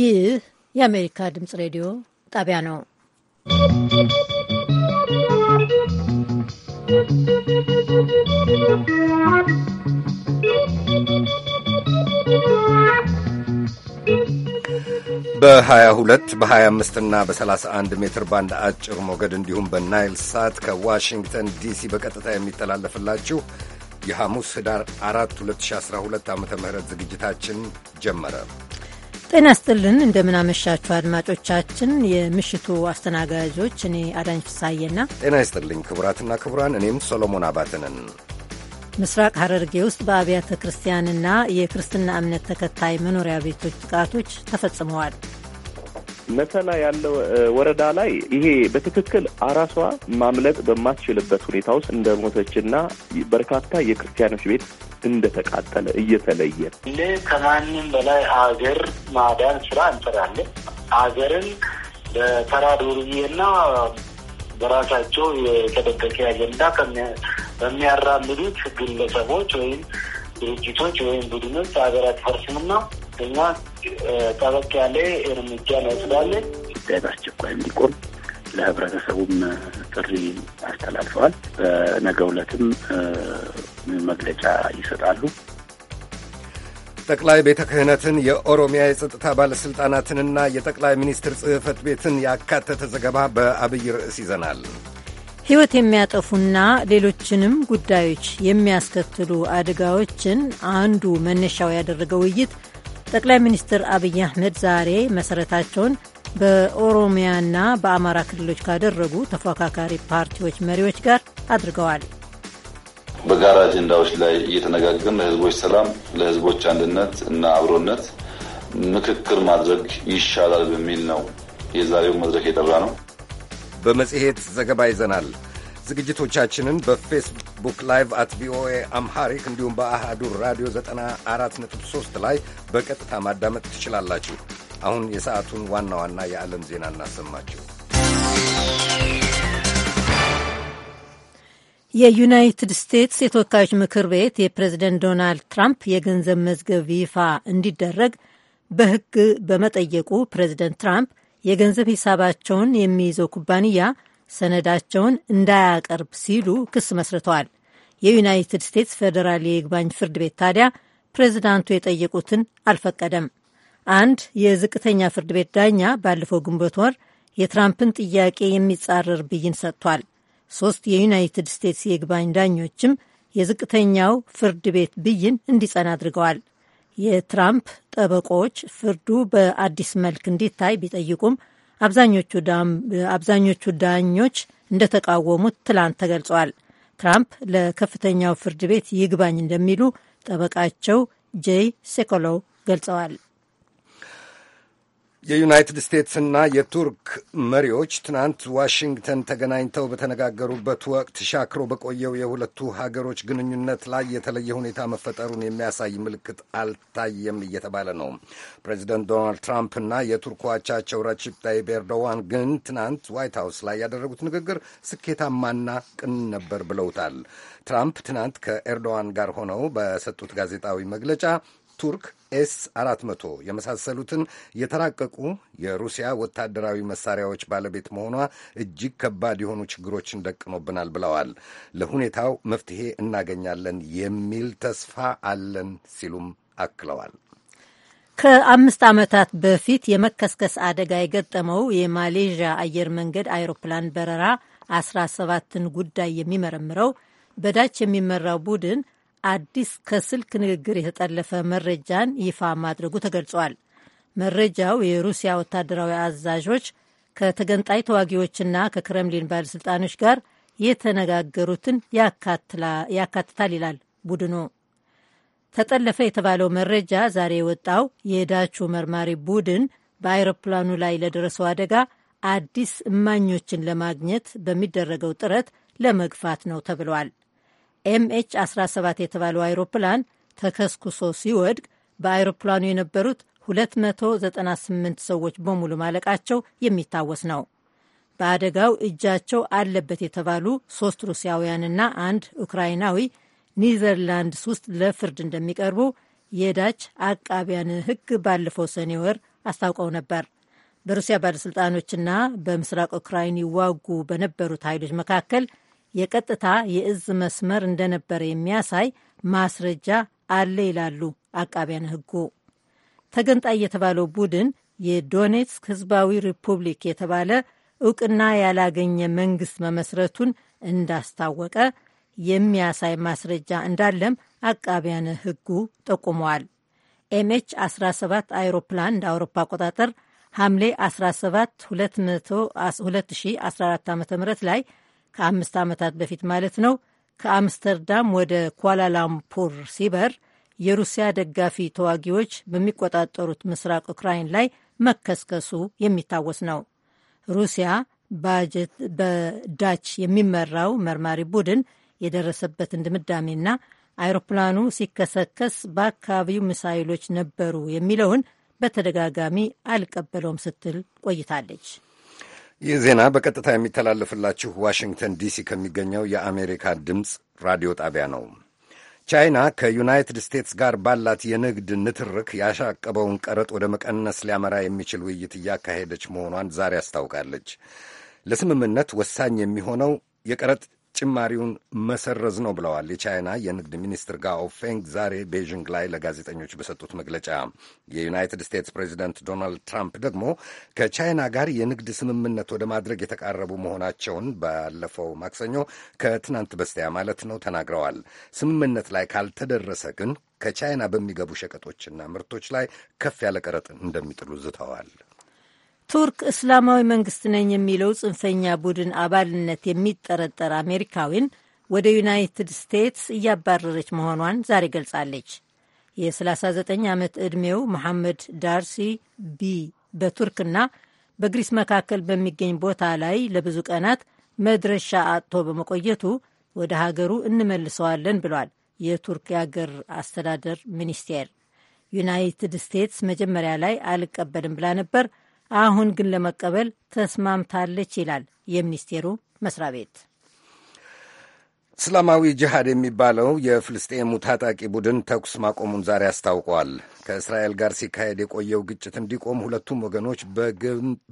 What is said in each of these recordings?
ይህ የአሜሪካ ድምፅ ሬዲዮ ጣቢያ ነው። በ22 በ25 እና በ31 ሜትር ባንድ አጭር ሞገድ እንዲሁም በናይል ሳት ከዋሽንግተን ዲሲ በቀጥታ የሚተላለፍላችሁ የሐሙስ ህዳር 4 2012 ዓ ም ዝግጅታችን ጀመረ። ጤና ስጥልን እንደምናመሻችሁ አድማጮቻችን። የምሽቱ አስተናጋጆች እኔ አዳኝ ፍሳዬና ጤና ይስጥልኝ ክቡራትና ክቡራን፣ እኔም ሰሎሞን አባተንን። ምስራቅ ሐረርጌ ውስጥ በአብያተ ክርስቲያንና የክርስትና እምነት ተከታይ መኖሪያ ቤቶች ጥቃቶች ተፈጽመዋል። መተላ ያለው ወረዳ ላይ ይሄ በትክክል አራሷ ማምለጥ በማትችልበት ሁኔታ ውስጥ እንደሞተችና በርካታ የክርስቲያኖች ቤት እንደተቃጠለ እየተለየ ከማንም በላይ አገር ማዳን ስራ እንሰራለን። ሀገርን በተራዶርዬና በራሳቸው የተደበቀ አጀንዳ በሚያራምዱት ግለሰቦች ወይም ድርጅቶች ወይም ቡድኖች ሀገር አትፈርስምና እኛ ጠበቅ ያለ እርምጃ እንወስዳለን። ጉዳይ በአስቸኳይ እንዲቆም ለህብረተሰቡም ጥሪ አስተላልፈዋል። በነገ ዕለትም መግለጫ ይሰጣሉ። ጠቅላይ ቤተ ክህነትን የኦሮሚያ የጸጥታ ባለሥልጣናትንና የጠቅላይ ሚኒስትር ጽሕፈት ቤትን ያካተተ ዘገባ በአብይ ርዕስ ይዘናል። ሕይወት የሚያጠፉና ሌሎችንም ጉዳዮች የሚያስከትሉ አደጋዎችን አንዱ መነሻው ያደረገ ውይይት ጠቅላይ ሚኒስትር አብይ አህመድ ዛሬ መሰረታቸውን በኦሮሚያና በአማራ ክልሎች ካደረጉ ተፎካካሪ ፓርቲዎች መሪዎች ጋር አድርገዋል። በጋራ አጀንዳዎች ላይ እየተነጋገርን ለህዝቦች ሰላም፣ ለህዝቦች አንድነት እና አብሮነት ምክክር ማድረግ ይሻላል በሚል ነው የዛሬው መድረክ የጠራ ነው። በመጽሔት ዘገባ ይዘናል። ዝግጅቶቻችንን በፌስቡክ ላይቭ አት ቪኦኤ አምሃሪክ እንዲሁም በአሃዱ ራዲዮ 94.3 ላይ በቀጥታ ማዳመጥ ትችላላችሁ። አሁን የሰዓቱን ዋና ዋና የዓለም ዜና እናሰማችሁ። የዩናይትድ ስቴትስ የተወካዮች ምክር ቤት የፕሬዝደንት ዶናልድ ትራምፕ የገንዘብ መዝገብ ይፋ እንዲደረግ በሕግ በመጠየቁ ፕሬዝደንት ትራምፕ የገንዘብ ሂሳባቸውን የሚይዘው ኩባንያ ሰነዳቸውን እንዳያቀርብ ሲሉ ክስ መስርተዋል። የዩናይትድ ስቴትስ ፌዴራል የይግባኝ ፍርድ ቤት ታዲያ ፕሬዚዳንቱ የጠየቁትን አልፈቀደም። አንድ የዝቅተኛ ፍርድ ቤት ዳኛ ባለፈው ግንቦት ወር የትራምፕን ጥያቄ የሚጻረር ብይን ሰጥቷል። ሶስት የዩናይትድ ስቴትስ የይግባኝ ዳኞችም የዝቅተኛው ፍርድ ቤት ብይን እንዲጸና አድርገዋል። የትራምፕ ጠበቆች ፍርዱ በአዲስ መልክ እንዲታይ ቢጠይቁም አብዛኞቹ ዳኞች እንደተቃወሙት ትላንት ተገልጿል። ትራምፕ ለከፍተኛው ፍርድ ቤት ይግባኝ እንደሚሉ ጠበቃቸው ጄይ ሴኮሎው ገልጸዋል። የዩናይትድ ስቴትስና የቱርክ መሪዎች ትናንት ዋሽንግተን ተገናኝተው በተነጋገሩበት ወቅት ሻክሮ በቆየው የሁለቱ ሀገሮች ግንኙነት ላይ የተለየ ሁኔታ መፈጠሩን የሚያሳይ ምልክት አልታየም እየተባለ ነው። ፕሬዚደንት ዶናልድ ትራምፕ የቱርክ አቻቸው ረጀፕ ታይፕ ኤርዶዋን ግን ትናንት ዋይት ሀውስ ላይ ያደረጉት ንግግር ስኬታማና ቅን ነበር ብለውታል። ትራምፕ ትናንት ከኤርዶዋን ጋር ሆነው በሰጡት ጋዜጣዊ መግለጫ ቱርክ ኤስ 400 የመሳሰሉትን የተራቀቁ የሩሲያ ወታደራዊ መሳሪያዎች ባለቤት መሆኗ እጅግ ከባድ የሆኑ ችግሮችን ደቅኖብናል ብለዋል። ለሁኔታው መፍትሄ እናገኛለን የሚል ተስፋ አለን ሲሉም አክለዋል። ከአምስት ዓመታት በፊት የመከስከስ አደጋ የገጠመው የማሌዥያ አየር መንገድ አይሮፕላን በረራ 17ን ጉዳይ የሚመረምረው በዳች የሚመራው ቡድን አዲስ ከስልክ ንግግር የተጠለፈ መረጃን ይፋ ማድረጉ ተገልጿል። መረጃው የሩሲያ ወታደራዊ አዛዦች ከተገንጣይ ተዋጊዎችና ከክረምሊን ባለሥልጣኖች ጋር የተነጋገሩትን ያካትታል ይላል ቡድኑ። ተጠለፈ የተባለው መረጃ ዛሬ የወጣው የዳቹ መርማሪ ቡድን በአይሮፕላኑ ላይ ለደረሰው አደጋ አዲስ እማኞችን ለማግኘት በሚደረገው ጥረት ለመግፋት ነው ተብሏል። ኤምኤች 17 የተባለው አይሮፕላን ተከስኩሶ ሲወድቅ በአይሮፕላኑ የነበሩት 298 ሰዎች በሙሉ ማለቃቸው የሚታወስ ነው። በአደጋው እጃቸው አለበት የተባሉ ሶስት ሩሲያውያንና አንድ ኡክራይናዊ ኒዘርላንድስ ውስጥ ለፍርድ እንደሚቀርቡ የዳች አቃቢያን ሕግ ባለፈው ሰኔ ወር አስታውቀው ነበር። በሩሲያ ባለሥልጣኖችና በምስራቅ ኡክራይን ይዋጉ በነበሩት ኃይሎች መካከል የቀጥታ የእዝ መስመር እንደነበረ የሚያሳይ ማስረጃ አለ ይላሉ አቃቢያን ህጉ ተገንጣይ የተባለው ቡድን የዶኔትስክ ህዝባዊ ሪፑብሊክ የተባለ እውቅና ያላገኘ መንግስት መመስረቱን እንዳስታወቀ የሚያሳይ ማስረጃ እንዳለም አቃቢያን ህጉ ጠቁመዋል። ኤምኤች 17 አይሮፕላን እንደ አውሮፓ አቆጣጠር ሐምሌ 17 2014 ዓ ም ላይ ከአምስት ዓመታት በፊት ማለት ነው ከአምስተርዳም ወደ ኳላላምፑር ሲበር የሩሲያ ደጋፊ ተዋጊዎች በሚቆጣጠሩት ምስራቅ ኡክራይን ላይ መከስከሱ የሚታወስ ነው። ሩሲያ በዳች የሚመራው መርማሪ ቡድን የደረሰበትን ድምዳሜና አይሮፕላኑ ሲከሰከስ በአካባቢው ሚሳይሎች ነበሩ የሚለውን በተደጋጋሚ አልቀበለውም ስትል ቆይታለች። ይህ ዜና በቀጥታ የሚተላለፍላችሁ ዋሽንግተን ዲሲ ከሚገኘው የአሜሪካ ድምፅ ራዲዮ ጣቢያ ነው። ቻይና ከዩናይትድ ስቴትስ ጋር ባላት የንግድ ንትርክ ያሻቀበውን ቀረጥ ወደ መቀነስ ሊያመራ የሚችል ውይይት እያካሄደች መሆኗን ዛሬ አስታውቃለች። ለስምምነት ወሳኝ የሚሆነው የቀረጥ ጭማሪውን መሰረዝ ነው ብለዋል የቻይና የንግድ ሚኒስትር ጋኦ ፌንግ ዛሬ ቤዥንግ ላይ ለጋዜጠኞች በሰጡት መግለጫ። የዩናይትድ ስቴትስ ፕሬዚደንት ዶናልድ ትራምፕ ደግሞ ከቻይና ጋር የንግድ ስምምነት ወደ ማድረግ የተቃረቡ መሆናቸውን ባለፈው ማክሰኞ ከትናንት በስቲያ ማለት ነው ተናግረዋል። ስምምነት ላይ ካልተደረሰ ግን ከቻይና በሚገቡ ሸቀጦችና ምርቶች ላይ ከፍ ያለ ቀረጥ እንደሚጥሉ ዝተዋል። ቱርክ እስላማዊ መንግስት ነኝ የሚለው ጽንፈኛ ቡድን አባልነት የሚጠረጠር አሜሪካዊን ወደ ዩናይትድ ስቴትስ እያባረረች መሆኗን ዛሬ ገልጻለች። የ39 ዓመት ዕድሜው መሐመድ ዳርሲ ቢ በቱርክና በግሪስ መካከል በሚገኝ ቦታ ላይ ለብዙ ቀናት መድረሻ አጥቶ በመቆየቱ ወደ ሀገሩ እንመልሰዋለን ብሏል የቱርክ የአገር አስተዳደር ሚኒስቴር። ዩናይትድ ስቴትስ መጀመሪያ ላይ አልቀበልም ብላ ነበር። አሁን ግን ለመቀበል ተስማምታለች ይላል የሚኒስቴሩ መስሪያ ቤት። እስላማዊ ጅሃድ የሚባለው የፍልስጤሙ ታጣቂ ቡድን ተኩስ ማቆሙን ዛሬ አስታውቋል። ከእስራኤል ጋር ሲካሄድ የቆየው ግጭት እንዲቆም ሁለቱም ወገኖች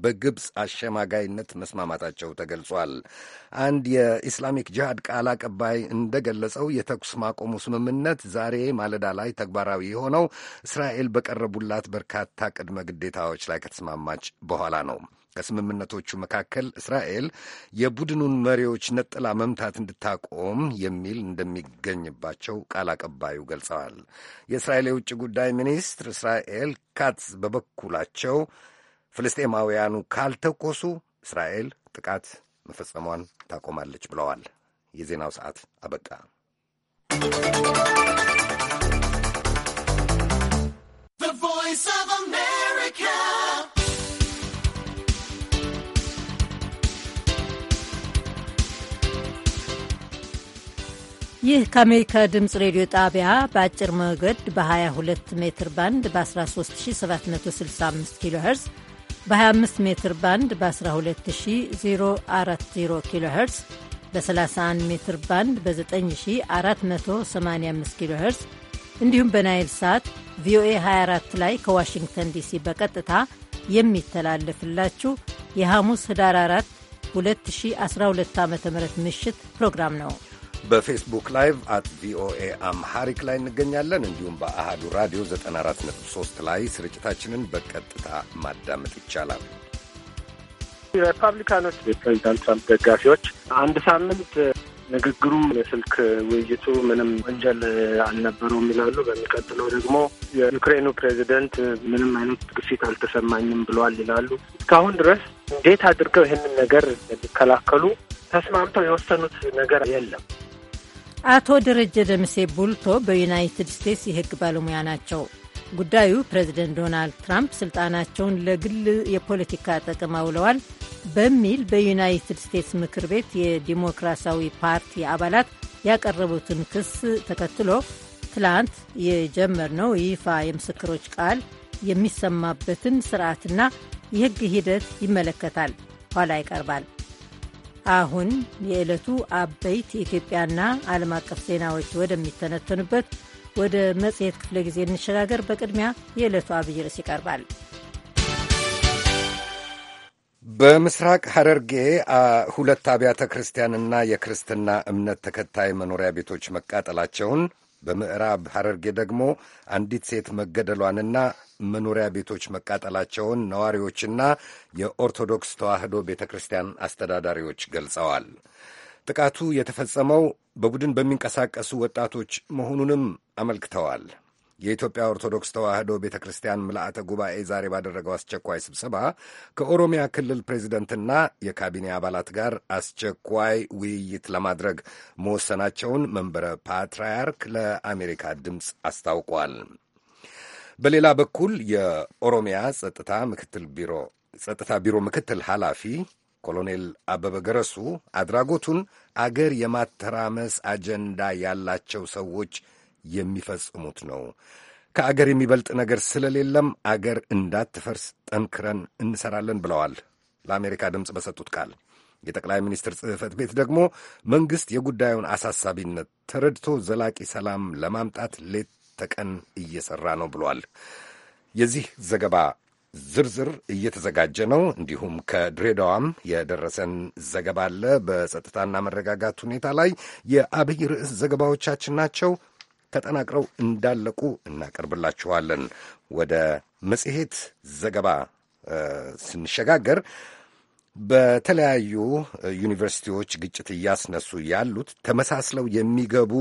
በግብፅ አሸማጋይነት መስማማታቸው ተገልጿል። አንድ የኢስላሚክ ጅሃድ ቃል አቀባይ እንደገለጸው የተኩስ ማቆሙ ስምምነት ዛሬ ማለዳ ላይ ተግባራዊ የሆነው እስራኤል በቀረቡላት በርካታ ቅድመ ግዴታዎች ላይ ከተስማማች በኋላ ነው። ከስምምነቶቹ መካከል እስራኤል የቡድኑን መሪዎች ነጥላ መምታት እንድታቆም የሚል እንደሚገኝባቸው ቃል አቀባዩ ገልጸዋል። የእስራኤል የውጭ ጉዳይ ሚኒስትር እስራኤል ካትስ በበኩላቸው ፍልስጤማውያኑ ካልተኮሱ እስራኤል ጥቃት መፈጸሟን ታቆማለች ብለዋል። የዜናው ሰዓት አበቃ። ቮይስ ኦፍ አሜሪካ ይህ ከአሜሪካ ድምፅ ሬዲዮ ጣቢያ በአጭር ሞገድ በ22 ሜትር ባንድ በ13765 ኪሎ ሄርዝ በ25 ሜትር ባንድ በ12040 ኪሎ ሄርዝ በ31 ሜትር ባንድ በ9485 ኪሎ ሄርዝ እንዲሁም በናይል ሳት ቪኦኤ 24 ላይ ከዋሽንግተን ዲሲ በቀጥታ የሚተላለፍላችሁ የሐሙስ ህዳር 4 2012 ዓ ም ምሽት ፕሮግራም ነው። በፌስቡክ ላይቭ አት ቪኦኤ አምሃሪክ ላይ እንገኛለን። እንዲሁም በአሃዱ ራዲዮ 94.3 ላይ ስርጭታችንን በቀጥታ ማዳመጥ ይቻላል። ሪፐብሊካኖች የፕሬዚዳንት ትራምፕ ደጋፊዎች አንድ ሳምንት ንግግሩ፣ የስልክ ውይይቱ ምንም ወንጀል አልነበረውም ይላሉ። በሚቀጥለው ደግሞ የዩክሬኑ ፕሬዚደንት ምንም አይነት ግፊት አልተሰማኝም ብለዋል ይላሉ። እስካሁን ድረስ እንዴት አድርገው ይህንን ነገር ሊከላከሉ ተስማምተው የወሰኑት ነገር የለም። አቶ ደረጀ ደምሴ ቡልቶ በዩናይትድ ስቴትስ የህግ ባለሙያ ናቸው። ጉዳዩ ፕሬዚደንት ዶናልድ ትራምፕ ስልጣናቸውን ለግል የፖለቲካ ጥቅም አውለዋል በሚል በዩናይትድ ስቴትስ ምክር ቤት የዲሞክራሲያዊ ፓርቲ አባላት ያቀረቡትን ክስ ተከትሎ ትላንት የጀመርነው ይፋ የምስክሮች ቃል የሚሰማበትን ስርዓትና የህግ ሂደት ይመለከታል። ኋላ ይቀርባል። አሁን የዕለቱ አበይት የኢትዮጵያና ዓለም አቀፍ ዜናዎች ወደሚተነተኑበት ወደ መጽሔት ክፍለ ጊዜ እንሸጋገር። በቅድሚያ የዕለቱ አብይ ርዕስ ይቀርባል። በምስራቅ ሐረርጌ ሁለት አብያተ ክርስቲያንና የክርስትና እምነት ተከታይ መኖሪያ ቤቶች መቃጠላቸውን በምዕራብ ሐረርጌ ደግሞ አንዲት ሴት መገደሏንና መኖሪያ ቤቶች መቃጠላቸውን ነዋሪዎችና የኦርቶዶክስ ተዋሕዶ ቤተ ክርስቲያን አስተዳዳሪዎች ገልጸዋል። ጥቃቱ የተፈጸመው በቡድን በሚንቀሳቀሱ ወጣቶች መሆኑንም አመልክተዋል። የኢትዮጵያ ኦርቶዶክስ ተዋሕዶ ቤተ ክርስቲያን ምልአተ ጉባኤ ዛሬ ባደረገው አስቸኳይ ስብሰባ ከኦሮሚያ ክልል ፕሬዚደንትና የካቢኔ አባላት ጋር አስቸኳይ ውይይት ለማድረግ መወሰናቸውን መንበረ ፓትርያርክ ለአሜሪካ ድምፅ አስታውቋል። በሌላ በኩል የኦሮሚያ ጸጥታ ምክትል ቢሮ ጸጥታ ቢሮ ምክትል ኃላፊ ኮሎኔል አበበ ገረሱ አድራጎቱን አገር የማተራመስ አጀንዳ ያላቸው ሰዎች የሚፈጽሙት ነው። ከአገር የሚበልጥ ነገር ስለሌለም አገር እንዳትፈርስ ጠንክረን እንሰራለን ብለዋል ለአሜሪካ ድምፅ በሰጡት ቃል። የጠቅላይ ሚኒስትር ጽህፈት ቤት ደግሞ መንግሥት የጉዳዩን አሳሳቢነት ተረድቶ ዘላቂ ሰላም ለማምጣት ሌት ተቀን እየሠራ ነው ብሏል። የዚህ ዘገባ ዝርዝር እየተዘጋጀ ነው። እንዲሁም ከድሬዳዋም የደረሰን ዘገባ አለ። በጸጥታና መረጋጋት ሁኔታ ላይ የአብይ ርዕስ ዘገባዎቻችን ናቸው። ተጠናቅረው እንዳለቁ እናቀርብላችኋለን። ወደ መጽሔት ዘገባ ስንሸጋገር በተለያዩ ዩኒቨርሲቲዎች ግጭት እያስነሱ ያሉት ተመሳስለው የሚገቡ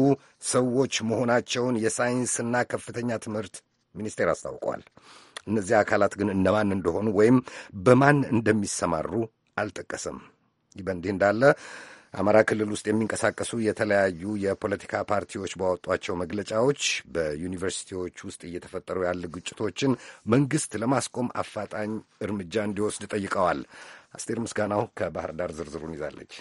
ሰዎች መሆናቸውን የሳይንስና ከፍተኛ ትምህርት ሚኒስቴር አስታውቀዋል። እነዚህ አካላት ግን እነማን እንደሆኑ ወይም በማን እንደሚሰማሩ አልጠቀሰም። ይህ በእንዲህ እንዳለ አማራ ክልል ውስጥ የሚንቀሳቀሱ የተለያዩ የፖለቲካ ፓርቲዎች ባወጧቸው መግለጫዎች በዩኒቨርሲቲዎች ውስጥ እየተፈጠሩ ያሉ ግጭቶችን መንግስት ለማስቆም አፋጣኝ እርምጃ እንዲወስድ ጠይቀዋል። አስቴር ምስጋናው ከባህር ዳር ዝርዝሩን ይዛለች።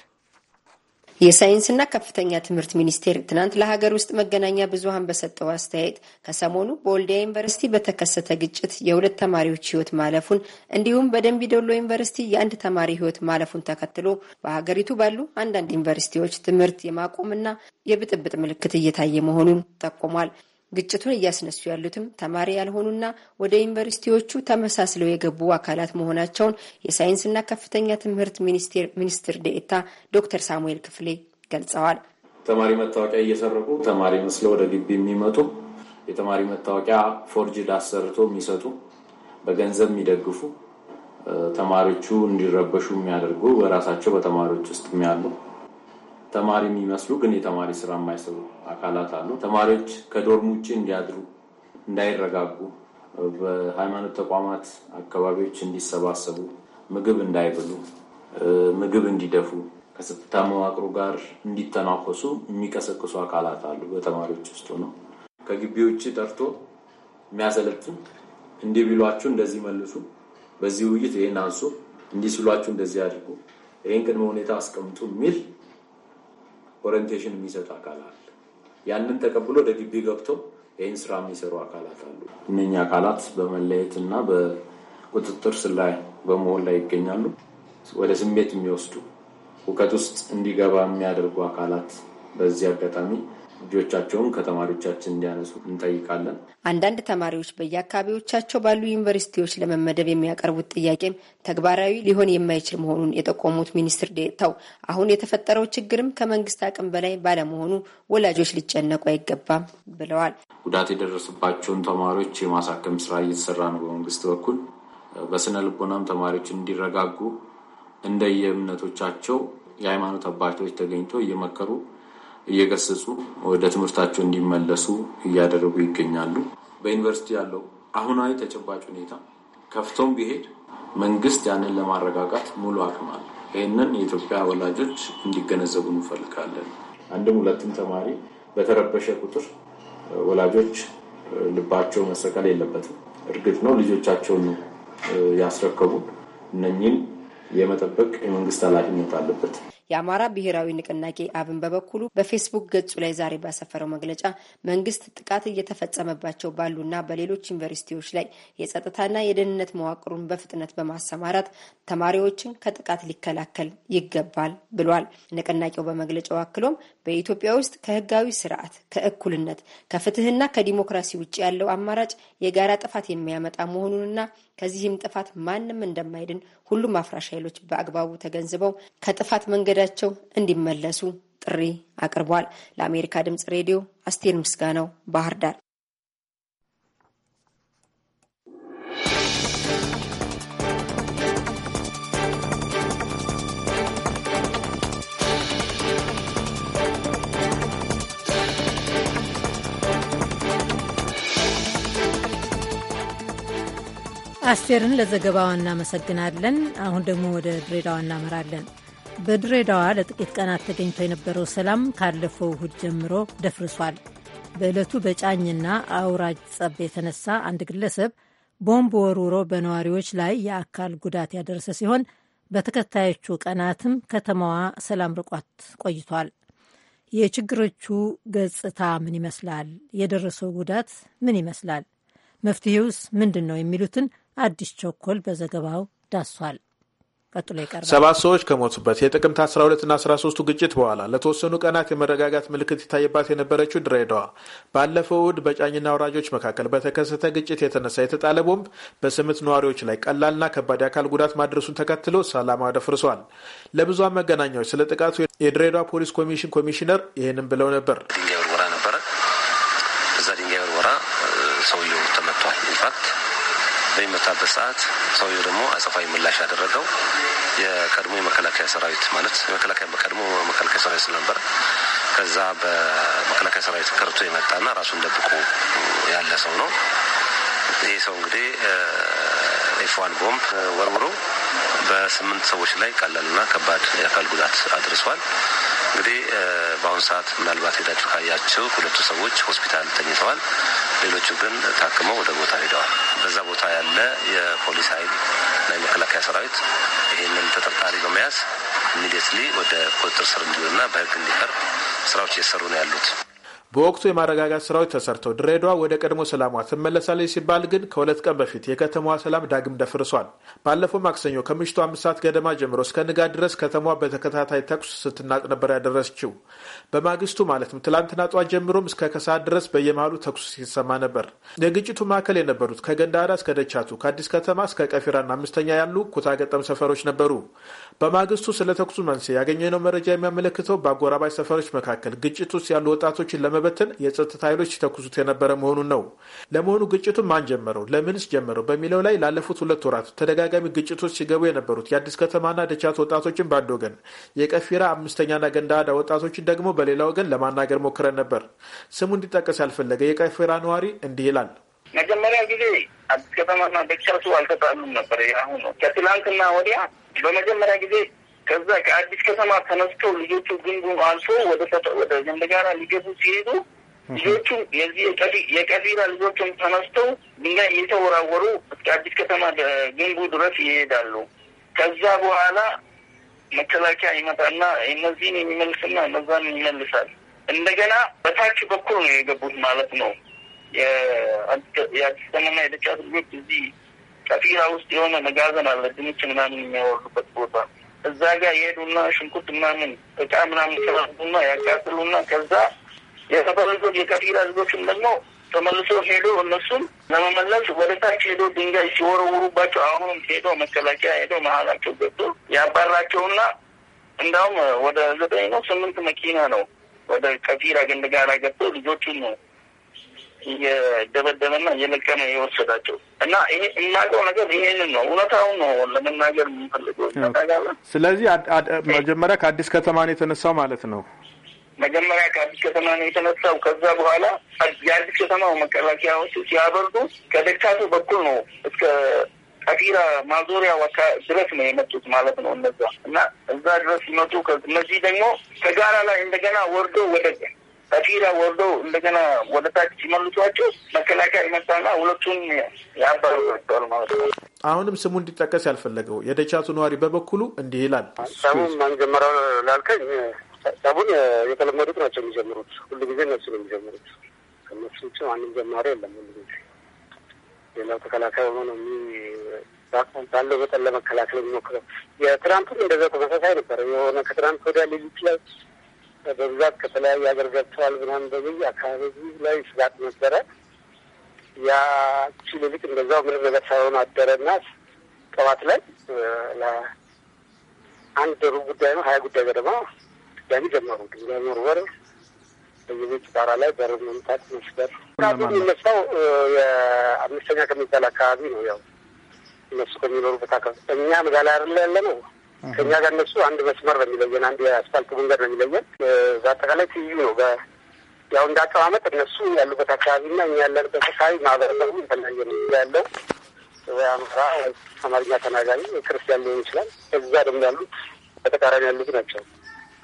የሳይንስና ከፍተኛ ትምህርት ሚኒስቴር ትናንት ለሀገር ውስጥ መገናኛ ብዙሀን በሰጠው አስተያየት ከሰሞኑ በወልዲያ ዩኒቨርሲቲ በተከሰተ ግጭት የሁለት ተማሪዎች ህይወት ማለፉን እንዲሁም በደምቢ ዶሎ ዩኒቨርሲቲ የአንድ ተማሪ ህይወት ማለፉን ተከትሎ በሀገሪቱ ባሉ አንዳንድ ዩኒቨርሲቲዎች ትምህርት የማቆምና የብጥብጥ ምልክት እየታየ መሆኑን ጠቁሟል። ግጭቱን እያስነሱ ያሉትም ተማሪ ያልሆኑና ወደ ዩኒቨርሲቲዎቹ ተመሳስለው የገቡ አካላት መሆናቸውን የሳይንስና ከፍተኛ ትምህርት ሚኒስቴር ሚኒስትር ዴኤታ ዶክተር ሳሙኤል ክፍሌ ገልጸዋል። ተማሪ መታወቂያ እየሰረቁ ተማሪ መስለው ወደ ግቢ የሚመጡ የተማሪ መታወቂያ ፎርጅ አሰርቶ የሚሰጡ በገንዘብ የሚደግፉ ተማሪዎቹ እንዲረበሹ የሚያደርጉ በራሳቸው በተማሪዎች ውስጥ የሚያሉ ተማሪ የሚመስሉ ግን የተማሪ ስራ የማይሰሩ አካላት አሉ። ተማሪዎች ከዶርም ውጭ እንዲያድሩ፣ እንዳይረጋጉ፣ በሃይማኖት ተቋማት አካባቢዎች እንዲሰባሰቡ፣ ምግብ እንዳይብሉ፣ ምግብ እንዲደፉ፣ ከጸጥታ መዋቅሩ ጋር እንዲተናኮሱ የሚቀሰቅሱ አካላት አሉ። በተማሪዎች ውስጡ ነው። ከግቢ ውጭ ጠርቶ የሚያሰለጥን እንዲህ ቢሏችሁ እንደዚህ መልሱ፣ በዚህ ውይይት ይህን አንሱ፣ እንዲህ ሲሏችሁ እንደዚህ አድርጉ፣ ይህን ቅድመ ሁኔታ አስቀምጡ የሚል ኦሪንቴሽን የሚሰጥ አካል አለ። ያንን ተቀብሎ ወደ ግቢ ገብቶ ይህን ስራ የሚሰሩ አካላት አሉ። እነኛ አካላት በመለየት እና በቁጥጥር ስር ላይ በመሆን ላይ ይገኛሉ። ወደ ስሜት የሚወስዱ እውቀት ውስጥ እንዲገባ የሚያደርጉ አካላት በዚህ አጋጣሚ ልጆቻቸውን ከተማሪዎቻችን እንዲያነሱ እንጠይቃለን። አንዳንድ ተማሪዎች በየአካባቢዎቻቸው ባሉ ዩኒቨርሲቲዎች ለመመደብ የሚያቀርቡት ጥያቄም ተግባራዊ ሊሆን የማይችል መሆኑን የጠቆሙት ሚኒስትር ዴኤታው አሁን የተፈጠረው ችግርም ከመንግስት አቅም በላይ ባለመሆኑ ወላጆች ሊጨነቁ አይገባም ብለዋል። ጉዳት የደረሰባቸውን ተማሪዎች የማሳከም ስራ እየተሰራ ነው በመንግስት በኩል። በስነ ልቦናም ተማሪዎች እንዲረጋጉ እንደየእምነቶቻቸው የሃይማኖት አባቶች ተገኝቶ እየመከሩ እየገሰጹ ወደ ትምህርታቸው እንዲመለሱ እያደረጉ ይገኛሉ። በዩኒቨርሲቲ ያለው አሁናዊ ተጨባጭ ሁኔታ ከፍቶም ቢሄድ መንግስት ያንን ለማረጋጋት ሙሉ አቅም አለ። ይህንን የኢትዮጵያ ወላጆች እንዲገነዘቡ እንፈልጋለን። አንድም ሁለትም ተማሪ በተረበሸ ቁጥር ወላጆች ልባቸው መሰቀል የለበትም። እርግጥ ነው ልጆቻቸውን ያስረከቡ እነኚህን የመጠበቅ የመንግስት ኃላፊነት አለበት። የአማራ ብሔራዊ ንቅናቄ አብን በበኩሉ በፌስቡክ ገጹ ላይ ዛሬ ባሰፈረው መግለጫ መንግስት ጥቃት እየተፈጸመባቸው ባሉና በሌሎች ዩኒቨርሲቲዎች ላይ የጸጥታና የደህንነት መዋቅሩን በፍጥነት በማሰማራት ተማሪዎችን ከጥቃት ሊከላከል ይገባል ብሏል። ንቅናቄው በመግለጫው አክሎም በኢትዮጵያ ውስጥ ከህጋዊ ስርዓት፣ ከእኩልነት፣ ከፍትህና ከዲሞክራሲ ውጭ ያለው አማራጭ የጋራ ጥፋት የሚያመጣ መሆኑንና ከዚህም ጥፋት ማንም እንደማይድን ሁሉም አፍራሽ ኃይሎች በአግባቡ ተገንዝበው ከጥፋት መንገድ ወደየአካባቢያቸው እንዲመለሱ ጥሪ አቅርቧል። ለአሜሪካ ድምጽ ሬዲዮ አስቴር ምስጋናው ባህር ዳር። አስቴርን ለዘገባዋ እናመሰግናለን። አሁን ደግሞ ወደ ድሬዳዋ እናመራለን። በድሬዳዋ ለጥቂት ቀናት ተገኝቶ የነበረው ሰላም ካለፈው እሁድ ጀምሮ ደፍርሷል። በዕለቱ በጫኝና አውራጅ ጸብ የተነሳ አንድ ግለሰብ ቦምብ ወርውሮ በነዋሪዎች ላይ የአካል ጉዳት ያደረሰ ሲሆን በተከታዮቹ ቀናትም ከተማዋ ሰላም ርቋት ቆይቷል። የችግሮቹ ገጽታ ምን ይመስላል? የደረሰው ጉዳት ምን ይመስላል? መፍትሄውስ ምንድን ነው? የሚሉትን አዲስ ቸኮል በዘገባው ዳሷል። ቀጥሎ ይቀርባል። ሰባት ሰዎች ከሞቱበት የጥቅምት 12ና 13ቱ ግጭት በኋላ ለተወሰኑ ቀናት የመረጋጋት ምልክት ይታይባት የነበረችው ድሬዳዋ ባለፈው እሁድ በጫኝና አውራጆች መካከል በተከሰተ ግጭት የተነሳ የተጣለ ቦምብ በስምንት ነዋሪዎች ላይ ቀላልና ከባድ የአካል ጉዳት ማድረሱን ተከትሎ ሰላም አደፍርሷል። ለብዙሃን መገናኛዎች ስለ ጥቃቱ የድሬዳዋ ፖሊስ ኮሚሽን ኮሚሽነር ይህንም ብለው ነበር። ድንጋይ ውርወራ ነበረ። እዛ ድንጋይ ውርወራ ሰውየው ተመቷል። ኢንፋክት በሚመታበት ሰዓት ሰውየው ደግሞ አጸፋዊ ምላሽ ያደረገው የቀድሞ የመከላከያ ሰራዊት ማለት የመከላከያ ቀድሞ መከላከያ ሰራዊት ስለነበረ ከዛ በመከላከያ ሰራዊት ከርቶ የመጣና ራሱን ደብቆ ያለ ሰው ነው። ይህ ሰው እንግዲህ ኤፍዋን ቦምብ ወርውሮ በስምንት ሰዎች ላይ ቀላልና ከባድ የአካል ጉዳት አድርሷል። እንግዲህ በአሁኑ ሰዓት ምናልባት ሄዳችሁ ካያችሁ ሁለቱ ሰዎች ሆስፒታል ተኝተዋል። ሌሎቹ ግን ታክመው ወደ ቦታ ሄደዋል። በዛ ቦታ ያለ የፖሊስ ኃይል እና የመከላከያ ሰራዊት ይህንን ተጠርጣሪ በመያዝ ኢሚዲየትሊ ወደ ቁጥጥር ስር እንዲውልና በህግ እንዲቀርብ ስራዎች እየሰሩ ነው ያሉት። በወቅቱ የማረጋጋት ስራዎች ተሰርተው ድሬዳዋ ወደ ቀድሞ ሰላሟ ትመለሳለች ሲባል ግን ከሁለት ቀን በፊት የከተማዋ ሰላም ዳግም ደፍርሷል። ባለፈው ማክሰኞ ከምሽቱ አምስት ሰዓት ገደማ ጀምሮ እስከ ንጋት ድረስ ከተማዋ በተከታታይ ተኩስ ስትናጥ ነበር ያደረስችው። በማግስቱ ማለትም ትላንትና ጧት ጀምሮም እስከ ከሰዓት ድረስ በየመሃሉ ተኩስ ሲሰማ ነበር። የግጭቱ ማዕከል የነበሩት ከገንዳዳ እስከ ደቻቱ፣ ከአዲስ ከተማ እስከ ቀፊራና አምስተኛ ያሉ ኩታገጠም ሰፈሮች ነበሩ። በማግስቱ ስለ ተኩሱ መንስኤ ያገኘነው መረጃ የሚያመለክተው በአጎራባች ሰፈሮች መካከል ግጭት ውስጥ ያሉ ወጣቶችን ለመበተን የጸጥታ ኃይሎች ሲተኩሱት የነበረ መሆኑን ነው። ለመሆኑ ግጭቱን ማን ጀመረው? ለምንስ ጀመረው? በሚለው ላይ ላለፉት ሁለት ወራት ተደጋጋሚ ግጭቶች ሲገቡ የነበሩት የአዲስ ከተማና ደቻት ወጣቶችን በአንድ ወገን፣ የቀፊራ አምስተኛና ገንዳዳ ወጣቶችን ደግሞ በሌላ ወገን ለማናገር ሞክረን ነበር። ስሙ እንዲጠቀስ ያልፈለገ የቀፊራ ነዋሪ እንዲህ ይላል። መጀመሪያ ጊዜ አዲስ ከተማና በጨርሱ አልተጣሉም ነበር። አሁኑ ከትላንትና ወዲያ በመጀመሪያ ጊዜ ከዛ ከአዲስ ከተማ ተነስቶ ልጆቹ ግንቡ አልፎ ወደ ወደ ዘንደጋራ ሊገቡ ሲሄዱ ልጆቹ የዚህ የቀቢራ ልጆቹም ተነስተው ድንጋይ እየተወራወሩ እስከ አዲስ ከተማ ግንቡ ድረስ ይሄዳሉ። ከዛ በኋላ መከላከያ ይመጣና እነዚህን የሚመልስና እነዛን ይመልሳል። እንደገና በታች በኩል ነው የገቡት ማለት ነው። የአዲስተንና የደጫ አድርጎች እዚህ ቀፊራ ውስጥ የሆነ መጋዘን አለ፣ ድንች ምናምን የሚያወርዱበት ቦታ እዛ ጋር የሄዱና ሽንኩርት ምናምን እቃ ምናምን ሰራቡና ያቃጥሉና ከዛ የተፈረዞ የከፊራ ህዝቦችም ደግሞ ተመልሶ ሄዶ እነሱም ለመመለስ ወደ ታች ሄዶ ድንጋይ ሲወረውሩባቸው አሁንም ሄዶ መከላከያ ሄዶ መሀላቸው ገብቶ ያባራቸውና እንዳውም ወደ ዘጠኝ ነው ስምንት መኪና ነው ወደ ከፊራ ግንድ ጋራ ገብቶ ልጆቹን እየደበደበና እየለቀመ የወሰዳቸው እና ይሄ የማውቀው ነገር ይሄንን ነው። እውነታውን ነው ለመናገር የምንፈልገው። ስለዚህ መጀመሪያ ከአዲስ ከተማ ነው የተነሳው ማለት ነው። መጀመሪያ ከአዲስ ከተማ ነው የተነሳው። ከዛ በኋላ የአዲስ ከተማው መከላከያዎች ሲያበርዱ ከደካቱ በኩል ነው እስከ ቀፊራ ማዞሪያ ድረስ ነው የመጡት ማለት ነው እነዛ እና እዛ ድረስ ሲመጡ እነዚህ ደግሞ ከጋራ ላይ እንደገና ወርዶ ወደ በፊራ ወርዶ እንደገና ወደ ታች ሲመልሷቸው መከላከያ ይመጣና ሁለቱን ያባረሯቸዋል ማለት ነው። አሁንም ስሙ እንዲጠቀስ ያልፈለገው የደቻቱ ነዋሪ በበኩሉ እንዲህ ይላል። ሰሙን ማን ላልከኝ ሰቡን የተለመዱት ናቸው የሚጀምሩት። ሁሉ ጊዜ እነሱ ነው የሚጀምሩት። ከነሱ ውጭ ማንም ጀማሪ የለም። ሁሉ ጊዜ ሌላው ተከላካይ ሆኖ ነው ባለው መጠን ለመከላከል የሚሞክረው። የትራምፕም እንደዛ ተመሳሳይ ነበር። የሆነ ከትራምፕ ወዲያ ሌሊት ይችላል በብዛት ከተለያዩ ሀገር ገብተዋል ብናን በብዙ አካባቢ ላይ ስጋት ነበረ። ያቺ ሌሊት እንደዛው ምንም ነገር ሳይሆን አደረና ጠዋት ላይ አንድ ሩብ ጉዳይ ነው ሀያ ጉዳይ ገደማ ድጋሚ ጀመሩ። ድንጋይ መወርወር፣ በየቤት ጣራ ላይ በር መምታት፣ መስበር። ቃቱ የሚነሳው የአምስተኛ ከሚባል አካባቢ ነው። ያው እነሱ ከሚኖሩበት አካባቢ እኛ መጋላ ያለ ነው ከኛ ጋር እነሱ አንድ መስመር ነው የሚለየን፣ አንድ የአስፋልት መንገድ ነው የሚለየን። በአጠቃላይ ትይዩ ነው። ያው እንደ አቀማመጥ እነሱ ያሉበት አካባቢና እኛ ያለንበት አካባቢ ማህበረሰቡ የተለያየ ነው ያለው። አማራ አማርኛ ተናጋሪ ክርስቲያን ሊሆን ይችላል። እዛ ደግሞ ያሉት በተቃራኒ ያሉት ናቸው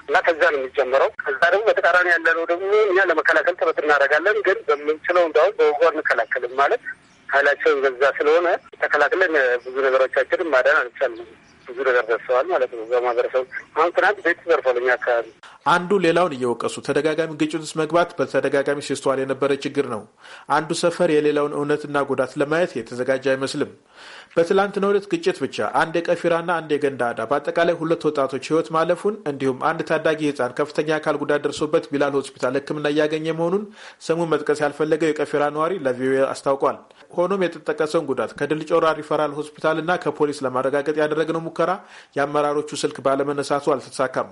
እና ከዛ ነው የሚጀምረው። ከዛ ደግሞ በተቃራኒ ያለነው ደግሞ እኛ ለመከላከል ጥረት እናደርጋለን፣ ግን በምንችለው እንዳሁን በውጎ አንከላከልም ማለት ኃይላቸውን በዛ ስለሆነ ተከላክለን ብዙ ነገሮቻችንም ማዳን አልቻልንም። ብዙ ነገር ደርሰዋል ማለት ነው። እዛ ማህበረሰብ አሁን ትናንት ቤት ተዘርፏል። እኛ አካባቢ አንዱ ሌላውን እየወቀሱ ተደጋጋሚ ግጭት ውስጥ መግባት በተደጋጋሚ ሲስተዋል የነበረ ችግር ነው። አንዱ ሰፈር የሌላውን እውነትና ጉዳት ለማየት የተዘጋጀ አይመስልም። በትላንትናው ዕለት ግጭት ብቻ አንድ የቀፊራና አንድ የገንዳ አዳ በአጠቃላይ ሁለት ወጣቶች ህይወት ማለፉን እንዲሁም አንድ ታዳጊ ህፃን ከፍተኛ አካል ጉዳት ደርሶበት ቢላል ሆስፒታል ሕክምና እያገኘ መሆኑን ስሙን መጥቀስ ያልፈለገው የቀፊራ ነዋሪ ለቪኦኤ አስታውቋል። ሆኖም የተጠቀሰውን ጉዳት ከድል ጮራ ሪፈራል ሆስፒታልና ከፖሊስ ለማረጋገጥ ያደረግነው ሙከራ የአመራሮቹ ስልክ ባለመነሳቱ አልተሳካም።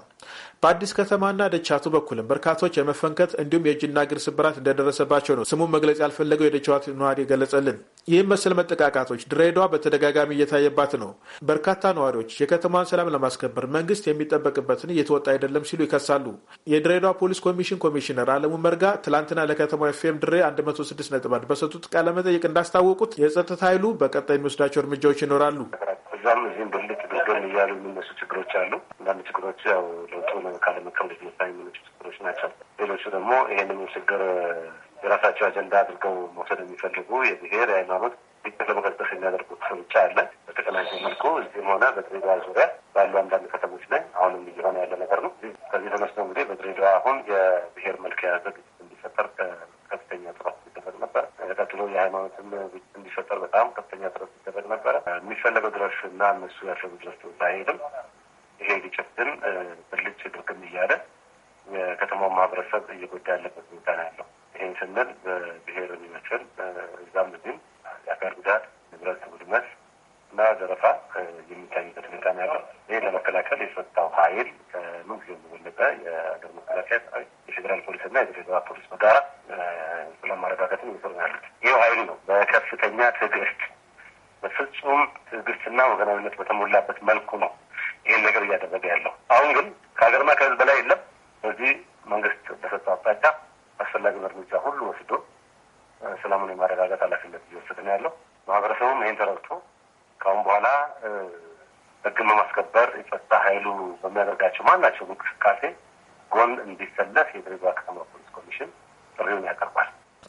በአዲስ ከተማና ደቻቱ በኩልም በርካቶች የመፈንከት እንዲሁም የእጅና እግር ስብራት እንደደረሰባቸው ነው ስሙን መግለጽ ያልፈለገው የደቻዋት ነዋሪ ገለጸልን። ይህም መሰል መጠቃቃቶች ድሬዳዋ በተደጋጋሚ እየታየባት ነው። በርካታ ነዋሪዎች የከተማዋን ሰላም ለማስከበር መንግስት የሚጠበቅበትን እየተወጣ አይደለም ሲሉ ይከሳሉ። የድሬዳዋ ፖሊስ ኮሚሽን ኮሚሽነር አለሙ መርጋ ትላንትና ለከተማ ኤፍኤም ድሬ 106.1 በሰጡት ቃለመጠይቅ እንዳስታወቁት የጸጥታ ኃይሉ በቀጣይ የሚወስዳቸው እርምጃዎች ይኖራሉ። እዛም እዚህም ብልጭ ድርገም እያሉ የሚነሱ ችግሮች አሉ። አንዳንድ ችግሮች ያው ለውጡ ካለመቀበል የተነሳ የሚነሱ ችግሮች ናቸው። ሌሎቹ ደግሞ ይህንን ችግር የራሳቸው አጀንዳ አድርገው መውሰድ የሚፈልጉ የብሔር የሃይማኖት ግጭት ለመቀስቀስ የሚያደርጉት ብቻ አለ። በተቀናጀ መልኩ እዚህም ሆነ በድሬዳዋ ዙሪያ ባሉ አንዳንድ ከተሞች ላይ አሁንም እየሆነ ያለ ነገር ነው። ከዚህ ተነስቶ እንግዲህ በድሬዳዋ አሁን የብሔር መልክ የያዘ ግጭት እንዲፈጠር ከፍተኛ ጥረት ሲደረግ ነበር። ቀጥሎ የሃይማኖትም እንዲፈጠር በጣም ከፍተኛ ጥረት ሲደረግ ነበረ። የሚፈለገው ድረስ እና እነሱ ያሸጉ ድረስ አይሄድም። ይሄ ግጭት ግን ብልጭ ድርግም እያለ የከተማው ማህበረሰብ እየጎዳ ያለበት ሁኔታ ነው ያለው። ይህን ስንል በብሔር የሚመስል እዛም እዚህም የአገር ጉዳት፣ ንብረት ውድመት እና ዘረፋ የሚታይበት ሁኔታ ነው ያለው። ይህ ለመከላከል የጸጥታው ኃይል ከምንጊዜውም የበለጠ እና ወገናዊነት በተሞላበት መልኩ ነው ይህን ነገር እያደረገ ያለው። አሁን ግን ከሀገርና ከህዝብ በላይ የለም። በዚህ መንግስት በሰጠው አቅጣጫ አስፈላጊውን እርምጃ ሁሉ ወስዶ ሰላሙን የማረጋጋት ኃላፊነት እየወሰደ ነው ያለው። ማህበረሰቡም ይህን ተረድቶ ከአሁን በኋላ ህግን በማስከበር የጸጥታ ኃይሉ በሚያደርጋቸው ማናቸው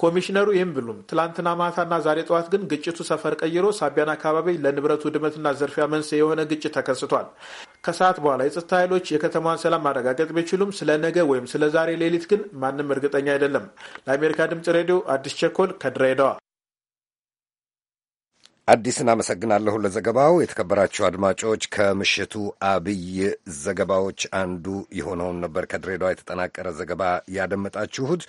ኮሚሽነሩ ይህም ብሉም ትላንትና ማታና ዛሬ ጠዋት ግን ግጭቱ ሰፈር ቀይሮ ሳቢያን አካባቢ ለንብረቱ ውድመትና ዘርፊያ መንስኤ የሆነ ግጭት ተከስቷል። ከሰዓት በኋላ የጸጥታ ኃይሎች የከተማዋን ሰላም ማረጋገጥ ቢችሉም ስለ ነገ ወይም ስለ ዛሬ ሌሊት ግን ማንም እርግጠኛ አይደለም። ለአሜሪካ ድምጽ ሬዲዮ አዲስ ቸኮል ከድሬዳዋ። አዲስን አመሰግናለሁ ለዘገባው። የተከበራችሁ አድማጮች ከምሽቱ አብይ ዘገባዎች አንዱ የሆነውን ነበር ከድሬዳዋ የተጠናቀረ ዘገባ ያደመጣችሁት።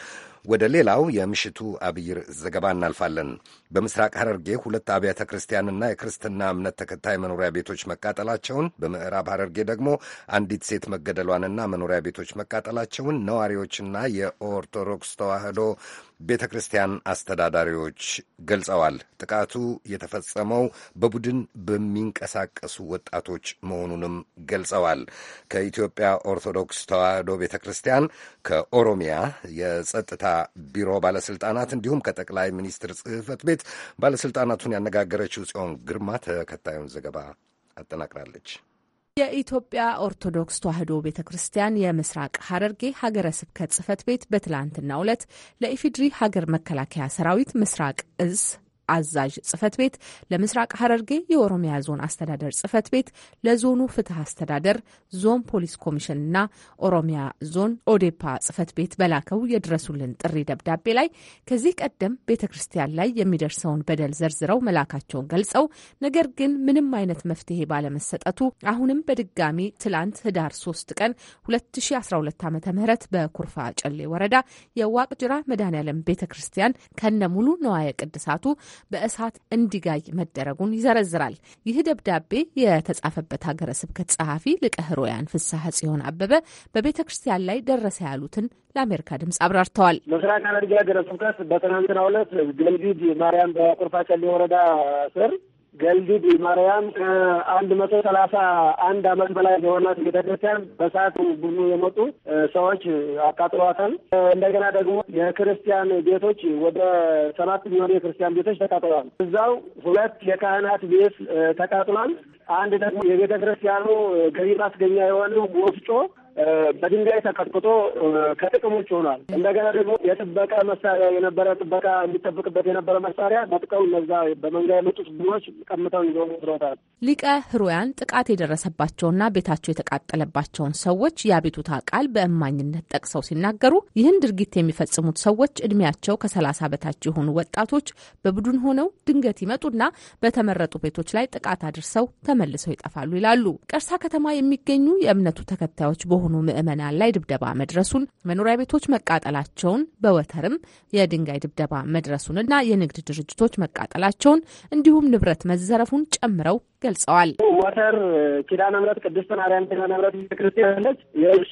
ወደ ሌላው የምሽቱ አብይ ርዕስ ዘገባ እናልፋለን። በምስራቅ ሐረርጌ ሁለት አብያተ ክርስቲያንና የክርስትና እምነት ተከታይ መኖሪያ ቤቶች መቃጠላቸውን፣ በምዕራብ ሐረርጌ ደግሞ አንዲት ሴት መገደሏንና መኖሪያ ቤቶች መቃጠላቸውን ነዋሪዎችና የኦርቶዶክስ ተዋህዶ። ቤተ ክርስቲያን አስተዳዳሪዎች ገልጸዋል። ጥቃቱ የተፈጸመው በቡድን በሚንቀሳቀሱ ወጣቶች መሆኑንም ገልጸዋል። ከኢትዮጵያ ኦርቶዶክስ ተዋሕዶ ቤተ ክርስቲያን፣ ከኦሮሚያ የጸጥታ ቢሮ ባለስልጣናት እንዲሁም ከጠቅላይ ሚኒስትር ጽህፈት ቤት ባለስልጣናቱን ያነጋገረችው ጽዮን ግርማ ተከታዩን ዘገባ አጠናቅራለች። የኢትዮጵያ ኦርቶዶክስ ተዋሕዶ ቤተ ክርስቲያን የምስራቅ ሐረርጌ ሀገረ ስብከት ጽሕፈት ቤት በትላንትናው ዕለት ለኢፌዴሪ ሀገር መከላከያ ሰራዊት ምስራቅ እዝ አዛዥ ጽህፈት ቤት፣ ለምስራቅ ሐረርጌ የኦሮሚያ ዞን አስተዳደር ጽህፈት ቤት፣ ለዞኑ ፍትህ አስተዳደር፣ ዞን ፖሊስ ኮሚሽንና ኦሮሚያ ዞን ኦዴፓ ጽህፈት ቤት በላከው የድረሱልን ጥሪ ደብዳቤ ላይ ከዚህ ቀደም ቤተ ክርስቲያን ላይ የሚደርሰውን በደል ዘርዝረው መላካቸውን ገልጸው ነገር ግን ምንም አይነት መፍትሄ ባለመሰጠቱ አሁንም በድጋሚ ትላንት ህዳር 3 ቀን 2012 ዓ ም በኩርፋ ጨሌ ወረዳ የዋቅጅራ ጅራ ዓለም ቤተ ክርስቲያን ከነ ሙሉ ነዋየ ቅድሳቱ በእሳት እንዲጋይ መደረጉን ይዘረዝራል። ይህ ደብዳቤ የተጻፈበት ሀገረ ስብከት ጸሐፊ ልቀ ሕሩያን ፍስሐ ጽዮን አበበ በቤተ ክርስቲያን ላይ ደረሰ ያሉትን ለአሜሪካ ድምፅ አብራርተዋል። ምስራቅ ሐረርጌ ሀገረ ስብከት በትናንትናው ዕለት ገንዲ ማርያም በቁርፋ ጨሌ ወረዳ ስር ገልዲድ ማርያም ከአንድ መቶ ሰላሳ አንድ አመት በላይ የሆናት ቤተክርስቲያን በሰዓቱ ብዙ የመጡ ሰዎች አቃጥለዋታል። እንደገና ደግሞ የክርስቲያን ቤቶች ወደ ሰባት የሚሆኑ የክርስቲያን ቤቶች ተቃጥለዋል። እዛው ሁለት የካህናት ቤት ተቃጥሏል። አንድ ደግሞ የቤተ ክርስቲያኑ ገቢ ማስገኛ የሆነው ወፍጮ በድንጋይ ተቀጥቅጦ ከጥቅም ውጭ ሆኗል። እንደገና ደግሞ የጥበቃ መሳሪያ የነበረ ጥበቃ እንዲጠብቅበት የነበረ መሳሪያ መጥቀው እነዛ በመንጋ የመጡ ቡድኖች ቀምተው ይዘው ወስደውታል። ሊቀ ህሩያን ጥቃት የደረሰባቸውና ቤታቸው የተቃጠለባቸውን ሰዎች የአቤቱታ ቃል በእማኝነት ጠቅሰው ሲናገሩ ይህን ድርጊት የሚፈጽሙት ሰዎች እድሜያቸው ከሰላሳ በታች የሆኑ ወጣቶች በቡድን ሆነው ድንገት ይመጡና በተመረጡ ቤቶች ላይ ጥቃት አድርሰው ተመልሰው ይጠፋሉ ይላሉ። ቀርሳ ከተማ የሚገኙ የእምነቱ ተከታዮች በሆኑ ምዕመናን ላይ ድብደባ መድረሱን፣ መኖሪያ ቤቶች መቃጠላቸውን፣ በወተርም የድንጋይ ድብደባ መድረሱንና የንግድ ድርጅቶች መቃጠላቸውን እንዲሁም ንብረት መዘረፉን ጨምረው ገልጸዋል። ሞተር ኪዳነ ምሕረት ቅድስት ማርያም ኪዳነ ምሕረት ቤተክርስቲያን አለች። የእሷ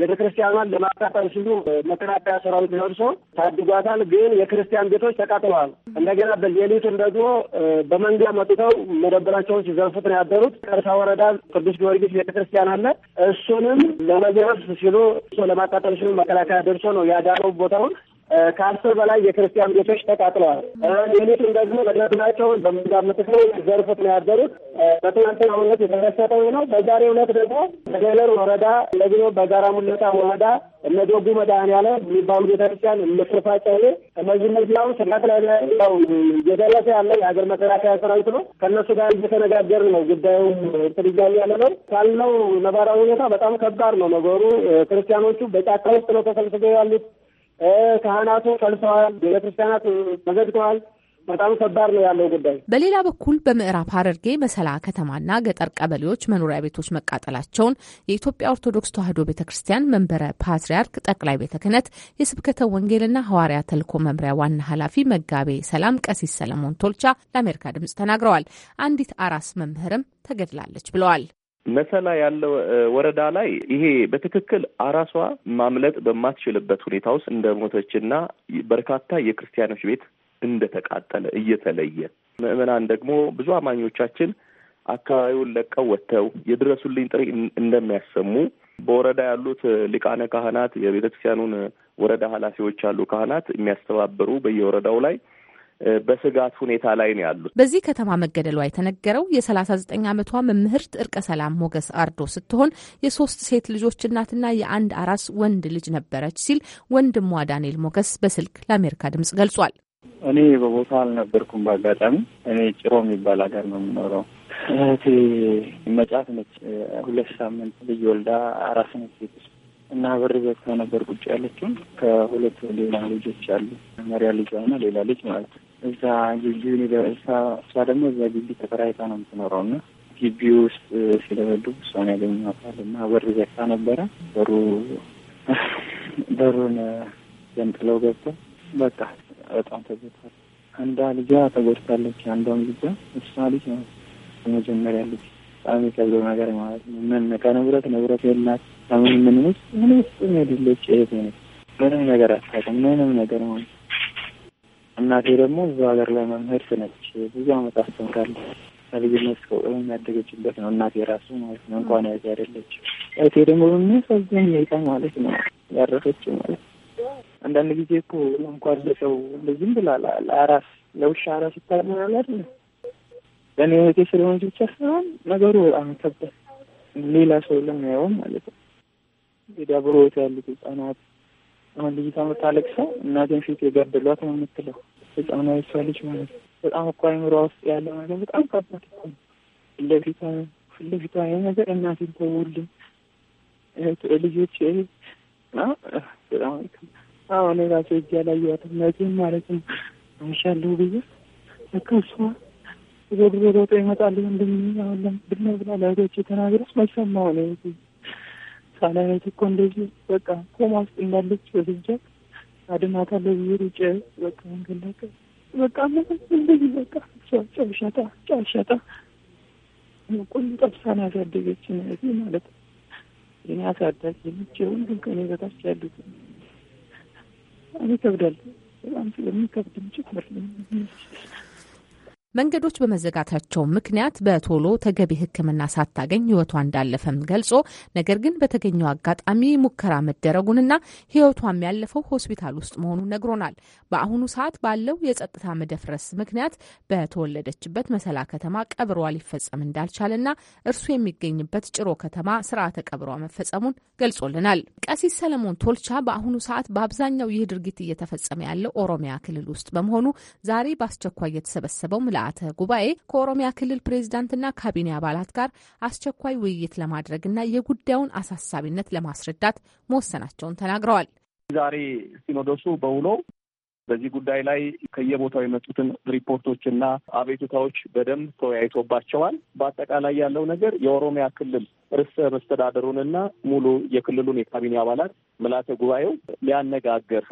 ቤተክርስቲያኗን ለማካፈል ሲሉ መከላከያ ሰራዊት ደርሶ ታድጓታል። ግን የክርስቲያን ቤቶች ተቃጥለዋል። እንደገና በሌሊቱን ደግሞ በመንጋ መጥተው መደብራቸውን ሲዘርፉት ነው ያደሩት። ቀርሳ ወረዳ ቅዱስ ጊዮርጊስ ቤተክርስቲያን አለ። እሱንም ለመዘረፍ ሲሉ ለማቃጠል ሲሉ መከላከያ ደርሶ ነው ያዳረው ቦታውን ከአስር በላይ የክርስቲያን ቤቶች ተቃጥለዋል። ሌሊቱን ደግሞ ንብረታቸውን በምዛምት ነው ዘርፉት ነው ያደሩት። በትናንትናው ዕለት የተከሰተው ነው። በዛሬ እውነት ደግሞ በደለር ወረዳ እንደዚህ በጋራ ሙለታ ወረዳ እነ ዶጉ መድኃኔዓለም የሚባሉ ቤተክርስቲያን ምክርፋ ጨሌ እነዚህ እነዚህ አሁን ስጋት ላይ እየደረሰ ያለ የሀገር መከላከያ ሰራዊት ነው። ከእነሱ ጋር እየተነጋገርን ነው። ጉዳዩም እንትን ያለ ነው። ካለው ነባራዊ ሁኔታ በጣም ከባድ ነው ነገሩ። ክርስቲያኖቹ በጫካ ውስጥ ነው ተሰብስበው ያሉት። ካህናቱ ቀልሰዋል፣ ቤተክርስቲያናት ተዘግተዋል። በጣም ከባድ ነው ያለው ጉዳይ። በሌላ በኩል በምዕራብ ሀረርጌ መሰላ ከተማና ገጠር ቀበሌዎች መኖሪያ ቤቶች መቃጠላቸውን የኢትዮጵያ ኦርቶዶክስ ተዋሕዶ ቤተ ክርስቲያን መንበረ ፓትርያርክ ጠቅላይ ቤተ ክህነት የስብከተ ወንጌልና ሐዋርያ ተልእኮ መምሪያ ዋና ኃላፊ መጋቤ ሰላም ቀሲስ ሰለሞን ቶልቻ ለአሜሪካ ድምጽ ተናግረዋል። አንዲት አራስ መምህርም ተገድላለች ብለዋል። መሰላ ያለው ወረዳ ላይ ይሄ በትክክል አራሷ ማምለጥ በማትችልበት ሁኔታ ውስጥ እንደ ሞተችና በርካታ የክርስቲያኖች ቤት እንደተቃጠለ እየተለየ ምዕመናን ደግሞ ብዙ አማኞቻችን አካባቢውን ለቀው ወጥተው የድረሱልኝ ጥሪ እንደሚያሰሙ በወረዳ ያሉት ሊቃነ ካህናት የቤተክርስቲያኑን ወረዳ ኃላፊዎች ያሉ ካህናት የሚያስተባብሩ በየወረዳው ላይ በስጋት ሁኔታ ላይ ነው ያሉት። በዚህ ከተማ መገደሏ የተነገረው የሰላሳ ዘጠኝ ዓመቷ መምህርት እርቀ ሰላም ሞገስ አርዶ ስትሆን የሶስት ሴት ልጆች እናትና የአንድ አራስ ወንድ ልጅ ነበረች ሲል ወንድሟ ዳንኤል ሞገስ በስልክ ለአሜሪካ ድምጽ ገልጿል። እኔ በቦታ አልነበርኩም። በአጋጣሚ እኔ ጭሮ የሚባል ሀገር ነው የምኖረው። እህቴ መጫት ነች። ሁለት ሳምንት ልጅ ወልዳ አራስ ነች ቤት ውስጥ እና በር ዘግታ ነበር ቁጭ ያለችው። ከሁለት ሌላ ልጆች አሉ። መሪያ ልጇ እና ሌላ ልጅ ማለት ነው እዛ ግቢ ዩኒቨርሳ እሷ ደግሞ እዛ ግቢ ተከራይታ ነው የምትኖረው እና ግቢ ውስጥ ሲለበዱ እሷን ያገኘኋታል እና በር ዘግታ ነበረ። በሩ በሩን ዘንጥለው ገብተው በቃ በጣም ተጎድቷል። አንዷ ልጇ ተጎድታለች። አንዷም ልጇ እሷ ልጅ ነው መጀመሪያ ልጅ በጣም የከብደው ነገር ማለት ነው። ምን ከንብረት ንብረት የላት ከምን ምን ውስጥ ምን ውስጥ ሄድለች። ይሄ ምንም ነገር አታውቅም ምንም ነገር ማለት እናቴ ደግሞ እዛ ሀገር ላይ መምህርት ነች። ብዙ አመት አስተምራለች። ከልጅነት እስከ ያደገችበት ነው እናቴ ራሱ ማለት ነው። እንኳን ያዚ አይደለች። እህቴ ደግሞ በሚያሳዝን ሁኔታ ማለት ነው ያረፈችው ማለት አንዳንድ ጊዜ እኮ እንኳን ለሰው እንደዚህም ብላ ለአራስ ለውሻ አራስ ይታለላል ለእኔ እህቴ ስለሆነች ብቻ ሳይሆን ነገሩ በጣም ከበድ ሌላ ሰው ለሚያየውም ማለት ነው። እንግዲህ አብሮት ያሉት ህጻናት ህጻን ልጅ ከምታለቅ ሰው እናቴን ፊት የገደሏት ነው የምትለው ህጻና የሷ ልጅ ማለት በጣም እኮ አይምሯ ውስጥ ያለው ነገር በጣም ከባድ እኮ ነው። ፊትለፊቷ ፊትለፊቷ ይህ ነገር እናቴን ተውልኝ ልጆች በጣም አሁን ራሱ እጅ ያላየኋትም እናቴን ማለት ነው አይሻለሁ ብዬ በቃ እሷ ሮጥ ሮጦ ይመጣል ብላ ለእህቶቼ ተናግረስ መሰማሁ ነው ሳላያት እኮ እንደዚህ በቃ ኮማ ውስጥ እንዳለች በስጃት አድናታለሁ ብዬ ሩጬ በቃ መንገድ ላይ በቃ እንደዚህ በቃ እሷ ጨብሻታ ጫሻታ ቁሉ ጠብሳን ያሳደገች እዚህ ማለት ነው። እኔ አሳዳጊ ልጅ ሁሉም ከኔ በታች ያሉት እኔ ይከብዳል በጣም ስለሚከብድ ምጭ ትምህርት መንገዶች በመዘጋታቸው ምክንያት በቶሎ ተገቢ ሕክምና ሳታገኝ ህይወቷ እንዳለፈም ገልጾ ነገር ግን በተገኘው አጋጣሚ ሙከራ መደረጉንና ህይወቷም ያለፈው ሆስፒታል ውስጥ መሆኑን ነግሮናል። በአሁኑ ሰዓት ባለው የጸጥታ መደፍረስ ምክንያት በተወለደችበት መሰላ ከተማ ቀብሯ ሊፈጸም እንዳልቻለና እርሱ የሚገኝበት ጭሮ ከተማ ስርዓተ ቀብሯ መፈጸሙን ገልጾልናል። ቀሲስ ሰለሞን ቶልቻ በአሁኑ ሰዓት በአብዛኛው ይህ ድርጊት እየተፈጸመ ያለው ኦሮሚያ ክልል ውስጥ በመሆኑ ዛሬ በአስቸኳይ የተሰበሰበው ምልአ ምልአተ ጉባኤ ከኦሮሚያ ክልል ፕሬዚዳንትና ካቢኔ አባላት ጋር አስቸኳይ ውይይት ለማድረግና የጉዳዩን አሳሳቢነት ለማስረዳት መወሰናቸውን ተናግረዋል። ዛሬ ሲኖዶሱ በውሎ በዚህ ጉዳይ ላይ ከየቦታው የመጡትን ሪፖርቶችና አቤቱታዎች በደንብ ተወያይቶባቸዋል። በአጠቃላይ ያለው ነገር የኦሮሚያ ክልል ርዕሰ መስተዳደሩንና ሙሉ የክልሉን የካቢኔ አባላት ምልዓተ ጉባኤው ሊያነጋግር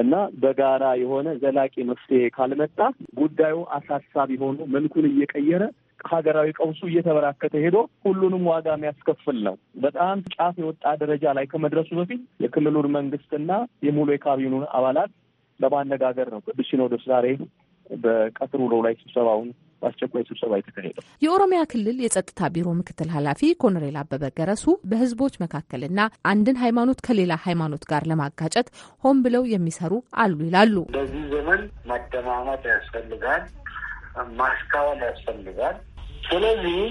እና በጋራ የሆነ ዘላቂ መፍትሄ ካልመጣ ጉዳዩ አሳሳቢ ሆኖ መልኩን እየቀየረ ሀገራዊ ቀውሱ እየተበራከተ ሄዶ ሁሉንም ዋጋ የሚያስከፍል ነው። በጣም ጫፍ የወጣ ደረጃ ላይ ከመድረሱ በፊት የክልሉን መንግስትና የሙሉ የካቢኑን አባላት ለማነጋገር ነው ቅዱስ ሲኖዶስ ዛሬ በቀትር ውሎ ላይ ስብሰባውን በአስቸኳይ ስብሰባ የተካሄደው። የኦሮሚያ ክልል የጸጥታ ቢሮ ምክትል ኃላፊ ኮሎኔል አበበ ገረሱ በህዝቦች መካከልና አንድን ሃይማኖት ከሌላ ሃይማኖት ጋር ለማጋጨት ሆን ብለው የሚሰሩ አሉ ይላሉ። በዚህ ዘመን መደማመጥ ያስፈልጋል፣ ማስካወል ያስፈልጋል። ስለዚህ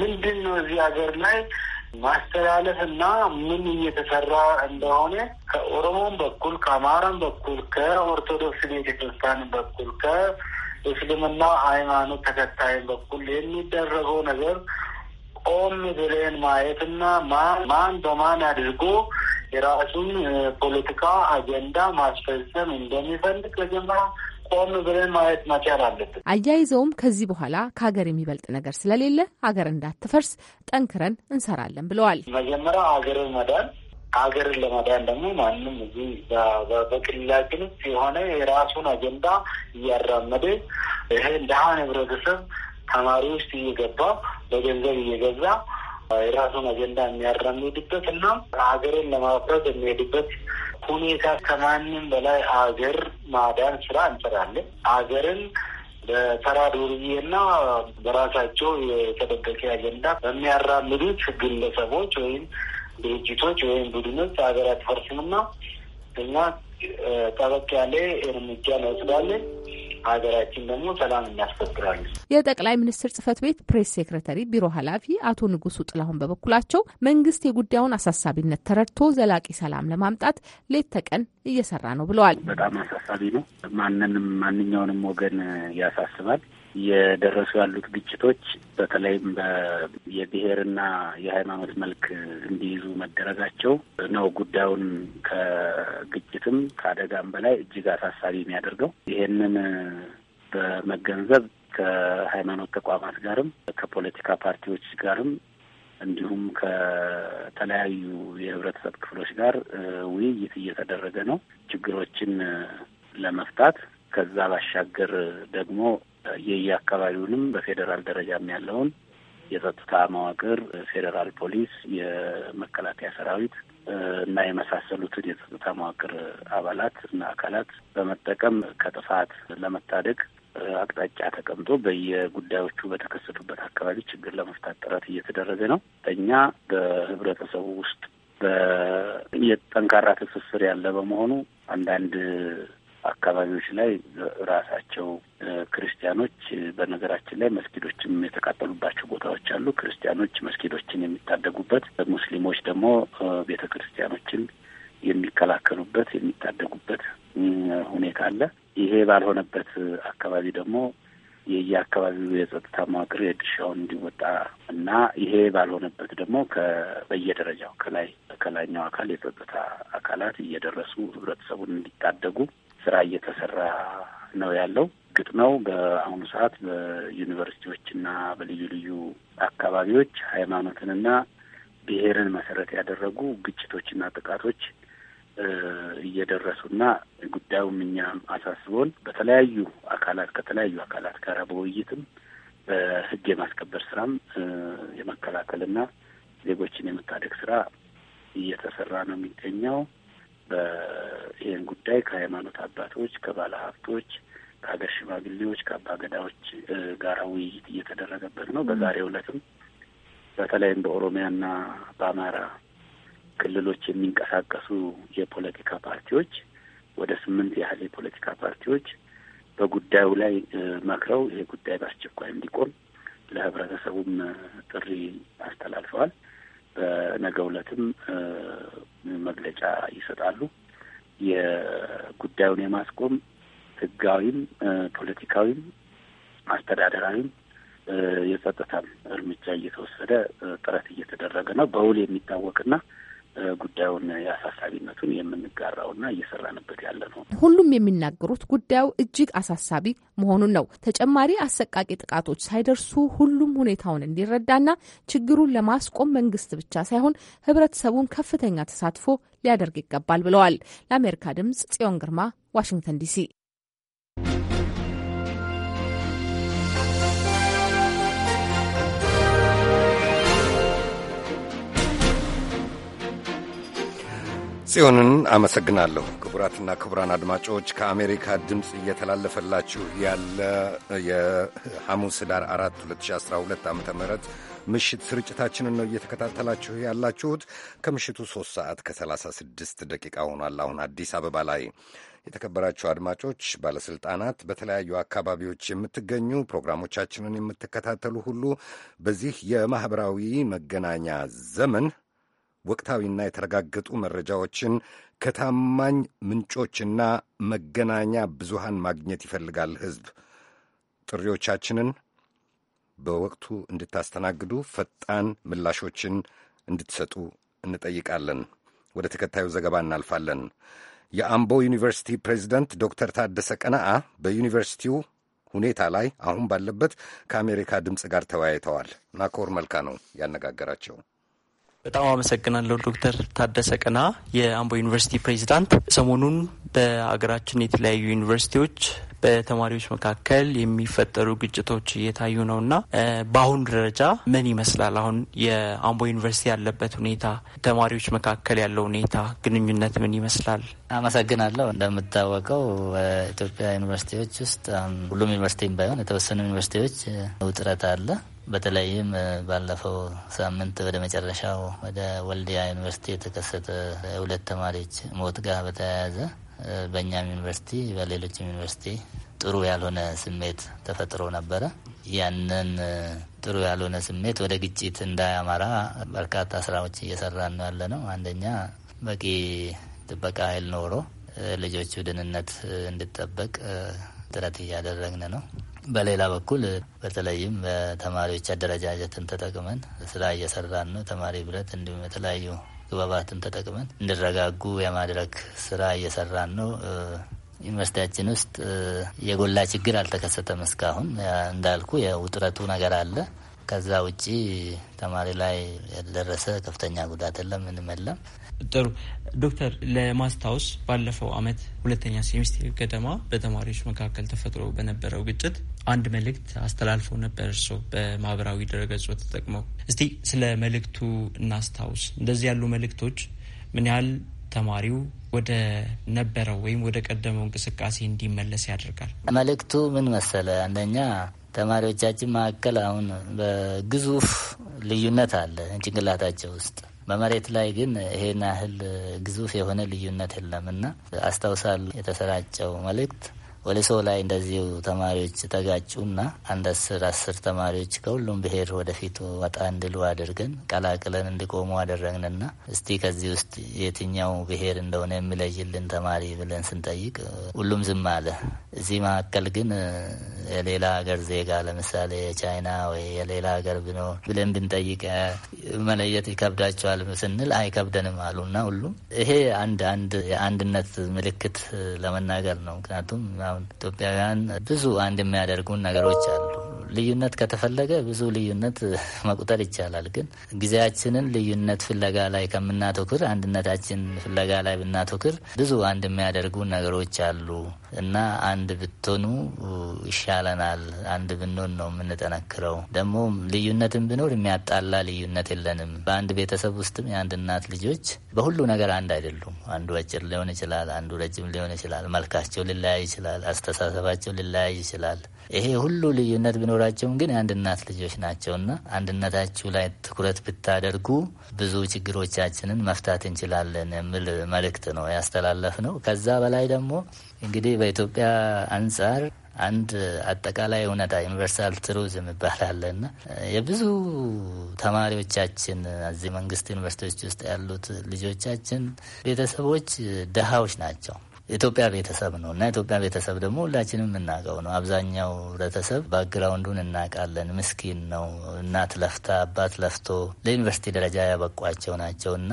ምንድን ነው እዚህ ሀገር ላይ ማስተላለፍ እና ምን እየተሰራ እንደሆነ ከኦሮሞም በኩል ከአማራም በኩል ከኦርቶዶክስ ቤተክርስቲያን በኩል ከ እስልምና ሃይማኖት ተከታይ በኩል የሚደረገው ነገር ቆም ብለን ማየትና ማን ማን በማን አድርጎ የራሱን ፖለቲካ አጀንዳ ማስፈጸም እንደሚፈልግ ለጀመራ ቆም ብለን ማየት መቻል አለብን። አያይዘውም ከዚህ በኋላ ከሀገር የሚበልጥ ነገር ስለሌለ ሀገር እንዳትፈርስ ጠንክረን እንሰራለን ብለዋል። መጀመሪያ ሀገርን መዳን ሀገርን ለማዳን ደግሞ ማንም እዚህ በግላጭነት የሆነ የራሱን አጀንዳ እያራመደ ይሄ ድሃን ህብረተሰብ ተማሪ ውስጥ እየገባ በገንዘብ እየገዛ የራሱን አጀንዳ የሚያራምድበት እና ሀገርን ለማፍረት የሚሄድበት ሁኔታ ከማንም በላይ ሀገር ማዳን ስራ እንሰራለን። ሀገርን በተራ ዱርዬና በራሳቸው የተደበቀ አጀንዳ በሚያራምዱት ግለሰቦች ወይም ድርጅቶች ወይም ቡድኖች ሀገራት ፈርስምና እና ጠበቅ ያለ እርምጃ እንወስዳለን። ሀገራችን ደግሞ ሰላም እናስከብራለን። የጠቅላይ ሚኒስትር ጽህፈት ቤት ፕሬስ ሴክረተሪ ቢሮ ኃላፊ አቶ ንጉሱ ጥላሁን በበኩላቸው መንግስት የጉዳዩን አሳሳቢነት ተረድቶ ዘላቂ ሰላም ለማምጣት ሌት ተቀን እየሰራ ነው ብለዋል። በጣም አሳሳቢ ነው። ማንንም ማንኛውንም ወገን ያሳስባል። እየደረሱ ያሉት ግጭቶች በተለይም የብሔርና የሃይማኖት መልክ እንዲይዙ መደረጋቸው ነው ጉዳዩን ከግጭትም ከአደጋም በላይ እጅግ አሳሳቢ የሚያደርገው። ይሄንን በመገንዘብ ከሃይማኖት ተቋማት ጋርም ከፖለቲካ ፓርቲዎች ጋርም እንዲሁም ከተለያዩ የህብረተሰብ ክፍሎች ጋር ውይይት እየተደረገ ነው ችግሮችን ለመፍታት ከዛ ባሻገር ደግሞ የየአካባቢውንም በፌዴራል ደረጃም ያለውን የጸጥታ መዋቅር ፌዴራል ፖሊስ፣ የመከላከያ ሰራዊት እና የመሳሰሉትን የጸጥታ መዋቅር አባላት እና አካላት በመጠቀም ከጥፋት ለመታደግ አቅጣጫ ተቀምጦ በየጉዳዮቹ በተከሰቱበት አካባቢ ችግር ለመፍታት ጥረት እየተደረገ ነው። እኛ በህብረተሰቡ ውስጥ በየጠንካራ ትስስር ያለ በመሆኑ አንዳንድ አካባቢዎች ላይ ራሳቸው ክርስቲያኖች በነገራችን ላይ መስጊዶችም የተቃጠሉባቸው ቦታዎች አሉ። ክርስቲያኖች መስጊዶችን የሚታደጉበት፣ ሙስሊሞች ደግሞ ቤተ ክርስቲያኖችን የሚከላከሉበት የሚታደጉበት ሁኔታ አለ። ይሄ ባልሆነበት አካባቢ ደግሞ የየአካባቢው የጸጥታ መዋቅር የድርሻውን እንዲወጣ እና ይሄ ባልሆነበት ደግሞ በየደረጃው ከላይ ከላይኛው አካል የጸጥታ አካላት እየደረሱ ህብረተሰቡን እንዲታደጉ ስራ እየተሰራ ነው ያለው። እርግጥ ነው በአሁኑ ሰዓት በዩኒቨርሲቲዎችና በልዩ ልዩ አካባቢዎች ሃይማኖትንና ብሔርን መሰረት ያደረጉ ግጭቶችና ጥቃቶች እየደረሱና ጉዳዩም እኛም አሳስቦን በተለያዩ አካላት ከተለያዩ አካላት ጋር በውይይትም በህግ የማስከበር ስራም የመከላከልና ዜጎችን የመታደግ ስራ እየተሰራ ነው የሚገኘው። ይህን ጉዳይ ከሃይማኖት አባቶች፣ ከባለ ሀብቶች፣ ከሀገር ሽማግሌዎች፣ ከአባ ገዳዎች ጋር ውይይት እየተደረገበት ነው። በዛሬው ዕለትም በተለይም በኦሮሚያና በአማራ ክልሎች የሚንቀሳቀሱ የፖለቲካ ፓርቲዎች ወደ ስምንት ያህል የፖለቲካ ፓርቲዎች በጉዳዩ ላይ መክረው ይሄ ጉዳይ በአስቸኳይ እንዲቆም ለህብረተሰቡም ጥሪ አስተላልፈዋል። በነገ ዕለትም መግለጫ ይሰጣሉ። የጉዳዩን የማስቆም ህጋዊም፣ ፖለቲካዊም፣ አስተዳደራዊም የጸጥታም እርምጃ እየተወሰደ ጥረት እየተደረገ ነው። በውል የሚታወቅና ጉዳዩን የአሳሳቢነቱን የምንጋራውና እየሰራንበት ያለ ነው። ሁሉም የሚናገሩት ጉዳዩ እጅግ አሳሳቢ መሆኑን ነው። ተጨማሪ አሰቃቂ ጥቃቶች ሳይደርሱ ሁሉም ሁኔታውን እንዲረዳና ችግሩን ለማስቆም መንግስት ብቻ ሳይሆን ህብረተሰቡን ከፍተኛ ተሳትፎ ሊያደርግ ይገባል ብለዋል። ለአሜሪካ ድምጽ ጽዮን ግርማ ዋሽንግተን ዲሲ ጽዮንን አመሰግናለሁ። ክቡራትና ክቡራን አድማጮች ከአሜሪካ ድምፅ እየተላለፈላችሁ ያለ የሐሙስ ዳር 4 2012 ዓ ም ምሽት ስርጭታችንን ነው እየተከታተላችሁ ያላችሁት። ከምሽቱ 3 ሰዓት ከ36 ደቂቃ ሆኗል አሁን አዲስ አበባ ላይ። የተከበራችሁ አድማጮች፣ ባለስልጣናት፣ በተለያዩ አካባቢዎች የምትገኙ ፕሮግራሞቻችንን የምትከታተሉ ሁሉ በዚህ የማኅበራዊ መገናኛ ዘመን ወቅታዊና የተረጋገጡ መረጃዎችን ከታማኝ ምንጮችና መገናኛ ብዙሃን ማግኘት ይፈልጋል ህዝብ ጥሪዎቻችንን በወቅቱ እንድታስተናግዱ ፈጣን ምላሾችን እንድትሰጡ እንጠይቃለን። ወደ ተከታዩ ዘገባ እናልፋለን። የአምቦ ዩኒቨርሲቲ ፕሬዚደንት ዶክተር ታደሰ ቀነአ በዩኒቨርሲቲው ሁኔታ ላይ አሁን ባለበት ከአሜሪካ ድምፅ ጋር ተወያይተዋል። ናኮር መልካ ነው ያነጋገራቸው። በጣም አመሰግናለሁ ዶክተር ታደሰ ቀና የአምቦ ዩኒቨርሲቲ ፕሬዚዳንት። ሰሞኑን በሀገራችን የተለያዩ ዩኒቨርሲቲዎች በተማሪዎች መካከል የሚፈጠሩ ግጭቶች እየታዩ ነው እና በአሁኑ ደረጃ ምን ይመስላል? አሁን የአምቦ ዩኒቨርሲቲ ያለበት ሁኔታ፣ ተማሪዎች መካከል ያለው ሁኔታ ግንኙነት ምን ይመስላል? አመሰግናለሁ። እንደምታወቀው በኢትዮጵያ ዩኒቨርሲቲዎች ውስጥ ሁሉም ዩኒቨርሲቲም ባይሆን የተወሰኑ ዩኒቨርሲቲዎች ውጥረት አለ። በተለይም ባለፈው ሳምንት ወደ መጨረሻው ወደ ወልዲያ ዩኒቨርሲቲ የተከሰተ የሁለት ተማሪዎች ሞት ጋር በተያያዘ በእኛም ዩኒቨርሲቲ በሌሎችም ዩኒቨርሲቲ ጥሩ ያልሆነ ስሜት ተፈጥሮ ነበረ። ያንን ጥሩ ያልሆነ ስሜት ወደ ግጭት እንዳያማራ በርካታ ስራዎች እየሰራን ነው ያለ ነው። አንደኛ በቂ ጥበቃ ኃይል ኖሮ ልጆቹ ደህንነት እንዲጠበቅ ጥረት እያደረግን ነው። በሌላ በኩል በተለይም በተማሪዎች አደረጃጀትን ተጠቅመን ስራ እየሰራን ነው። ተማሪ ህብረት እንዲሁም የተለያዩ ግባባትን ተጠቅመን እንዲረጋጉ የማድረግ ስራ እየሰራን ነው። ዩኒቨርሲቲያችን ውስጥ የጎላ ችግር አልተከሰተም እስካሁን። እንዳልኩ የውጥረቱ ነገር አለ። ከዛ ውጪ ተማሪ ላይ ያልደረሰ ከፍተኛ ጉዳት የለም፣ ምንም የለም። ጥሩ ዶክተር ለማስታወስ ባለፈው አመት ሁለተኛ ሴሚስቴር ገደማ በተማሪዎች መካከል ተፈጥሮ በነበረው ግጭት አንድ መልእክት አስተላልፈው ነበር እርስዎ በማህበራዊ ድረገጾ ተጠቅመው። እስቲ ስለ መልእክቱ እናስታውስ። እንደዚህ ያሉ መልእክቶች ምን ያህል ተማሪው ወደ ነበረው ወይም ወደ ቀደመው እንቅስቃሴ እንዲመለስ ያደርጋል? መልእክቱ ምን መሰለ? አንደኛ ተማሪዎቻችን መካከል አሁን በግዙፍ ልዩነት አለ ጭንቅላታቸው ውስጥ በመሬት ላይ ግን ይሄን ያህል ግዙፍ የሆነ ልዩነት የለምና አስታውሳለሁ የተሰራጨው መልእክት ወሊሶ ላይ እንደዚሁ ተማሪዎች ተጋጩና አንድ አስር አስር ተማሪዎች ከሁሉም ብሔር ወደፊት ወጣ እንድሉ አድርገን ቀላቅለን እንዲቆሙ አደረግንና እስቲ ከዚህ ውስጥ የትኛው ብሔር እንደሆነ የሚለይልን ተማሪ ብለን ስንጠይቅ ሁሉም ዝም አለ። እዚህ መካከል ግን የሌላ ሀገር ዜጋ ለምሳሌ የቻይና ወይ የሌላ ሀገር ብኖር ብለን ብንጠይቀ መለየት ይከብዳቸዋል ስንል አይከብደንም አሉና ሁሉም ይሄ አንድ አንድ የአንድነት ምልክት ለመናገር ነው። ምክንያቱም አሁን ኢትዮጵያውያን ብዙ አንድ የሚያደርጉን ነገሮች አሉ። ልዩነት ከተፈለገ ብዙ ልዩነት መቁጠር ይቻላል። ግን ጊዜያችንን ልዩነት ፍለጋ ላይ ከምናተኩር አንድነታችን ፍለጋ ላይ ብናተኩር ብዙ አንድ የሚያደርጉ ነገሮች አሉ እና አንድ ብትሆኑ ይሻለናል። አንድ ብንሆን ነው የምንጠነክረው። ደግሞ ልዩነትን ብኖር የሚያጣላ ልዩነት የለንም። በአንድ ቤተሰብ ውስጥም የአንድ እናት ልጆች በሁሉ ነገር አንድ አይደሉም። አንዱ አጭር ሊሆን ይችላል፣ አንዱ ረጅም ሊሆን ይችላል። መልካቸው ሊለያይ ይችላል፣ አስተሳሰባቸው ሊለያይ ይችላል። ይሄ ሁሉ ልዩነት ቢኖራቸውም ግን የአንድ እናት ልጆች ናቸውና አንድነታችሁ ላይ ትኩረት ብታደርጉ ብዙ ችግሮቻችንን መፍታት እንችላለን የሚል መልእክት ነው ያስተላለፍ ነው። ከዛ በላይ ደግሞ እንግዲህ በኢትዮጵያ አንጻር አንድ አጠቃላይ እውነታ ዩኒቨርሳል ትሩዝ የሚባል አለና የብዙ ተማሪዎቻችን እዚህ መንግስት ዩኒቨርሲቲዎች ውስጥ ያሉት ልጆቻችን ቤተሰቦች ደሃዎች ናቸው። ኢትዮጵያ ቤተሰብ ነው እና ኢትዮጵያ ቤተሰብ ደግሞ ሁላችንም የምናውቀው ነው። አብዛኛው ህብረተሰብ ባክግራውንዱን እናውቃለን። ምስኪን ነው። እናት ለፍታ አባት ለፍቶ ለዩኒቨርሲቲ ደረጃ ያበቋቸው ናቸው እና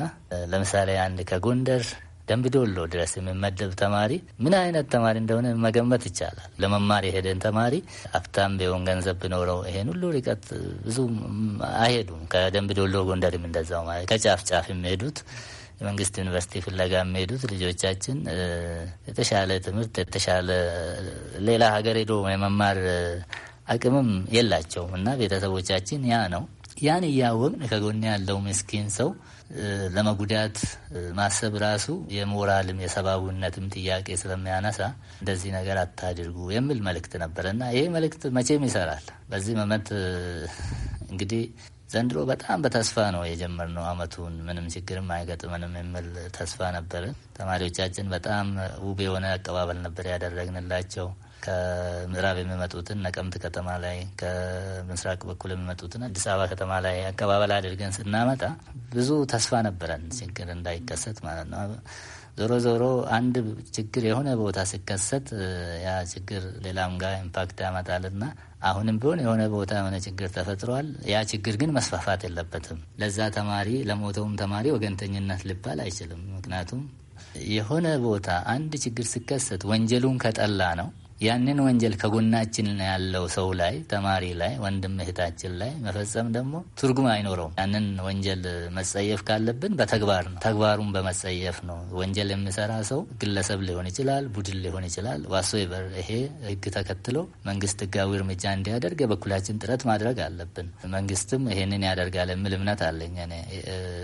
ለምሳሌ አንድ ከጎንደር ደንብ ዶሎ ድረስ የሚመደብ ተማሪ ምን አይነት ተማሪ እንደሆነ መገመት ይቻላል። ለመማር የሄደን ተማሪ ሀብታም ቢሆን ገንዘብ ቢኖረው ይሄን ሁሉ ርቀት ብዙ አይሄዱም። ከደንብ ዶሎ ጎንደርም እንደዛው ማለት ከጫፍ ጫፍ የሚሄዱት የመንግስት ዩኒቨርሲቲ ፍለጋ የሚሄዱት ልጆቻችን የተሻለ ትምህርት የተሻለ ሌላ ሀገር ሄዶ የመማር አቅምም የላቸውም እና ቤተሰቦቻችን ያ ነው ያን እያወቅን ከጎን ያለው ምስኪን ሰው ለመጉዳት ማሰብ ራሱ የሞራልም የሰብአዊነትም ጥያቄ ስለሚያነሳ እንደዚህ ነገር አታድርጉ የሚል መልእክት ነበረ እና ይህ መልእክት መቼም ይሰራል። በዚህ መመት እንግዲህ ዘንድሮ በጣም በተስፋ ነው የጀመርነው አመቱን። ምንም ችግርም አይገጥመንም የሚል ተስፋ ነበር። ተማሪዎቻችን በጣም ውብ የሆነ አቀባበል ነበር ያደረግንላቸው። ከምዕራብ የሚመጡትን ነቀምት ከተማ ላይ፣ ከምስራቅ በኩል የሚመጡትን አዲስ አበባ ከተማ ላይ አቀባበል አድርገን ስናመጣ ብዙ ተስፋ ነበረን ችግር እንዳይከሰት ማለት ነው። ዞሮ ዞሮ አንድ ችግር የሆነ ቦታ ሲከሰት ያ ችግር ሌላም ጋር ኢምፓክት ያመጣልና አሁንም ቢሆን የሆነ ቦታ የሆነ ችግር ተፈጥሯል። ያ ችግር ግን መስፋፋት የለበትም። ለዛ ተማሪ ለሞተውም ተማሪ ወገንተኝነት ሊባል አይችልም። ምክንያቱም የሆነ ቦታ አንድ ችግር ሲከሰት ወንጀሉን ከጠላ ነው ያንን ወንጀል ከጎናችን ያለው ሰው ላይ ተማሪ ላይ ወንድም እህታችን ላይ መፈጸም ደግሞ ትርጉም አይኖረውም። ያንን ወንጀል መጸየፍ ካለብን በተግባር ነው። ተግባሩን በመጸየፍ ነው። ወንጀል የሚሰራ ሰው ግለሰብ ሊሆን ይችላል፣ ቡድን ሊሆን ይችላል። ዋሶ ይበር ይሄ ህግ ተከትሎ መንግስት ህጋዊ እርምጃ እንዲያደርግ የበኩላችን ጥረት ማድረግ አለብን። መንግስትም ይሄንን ያደርጋል የሚል እምነት አለኝ።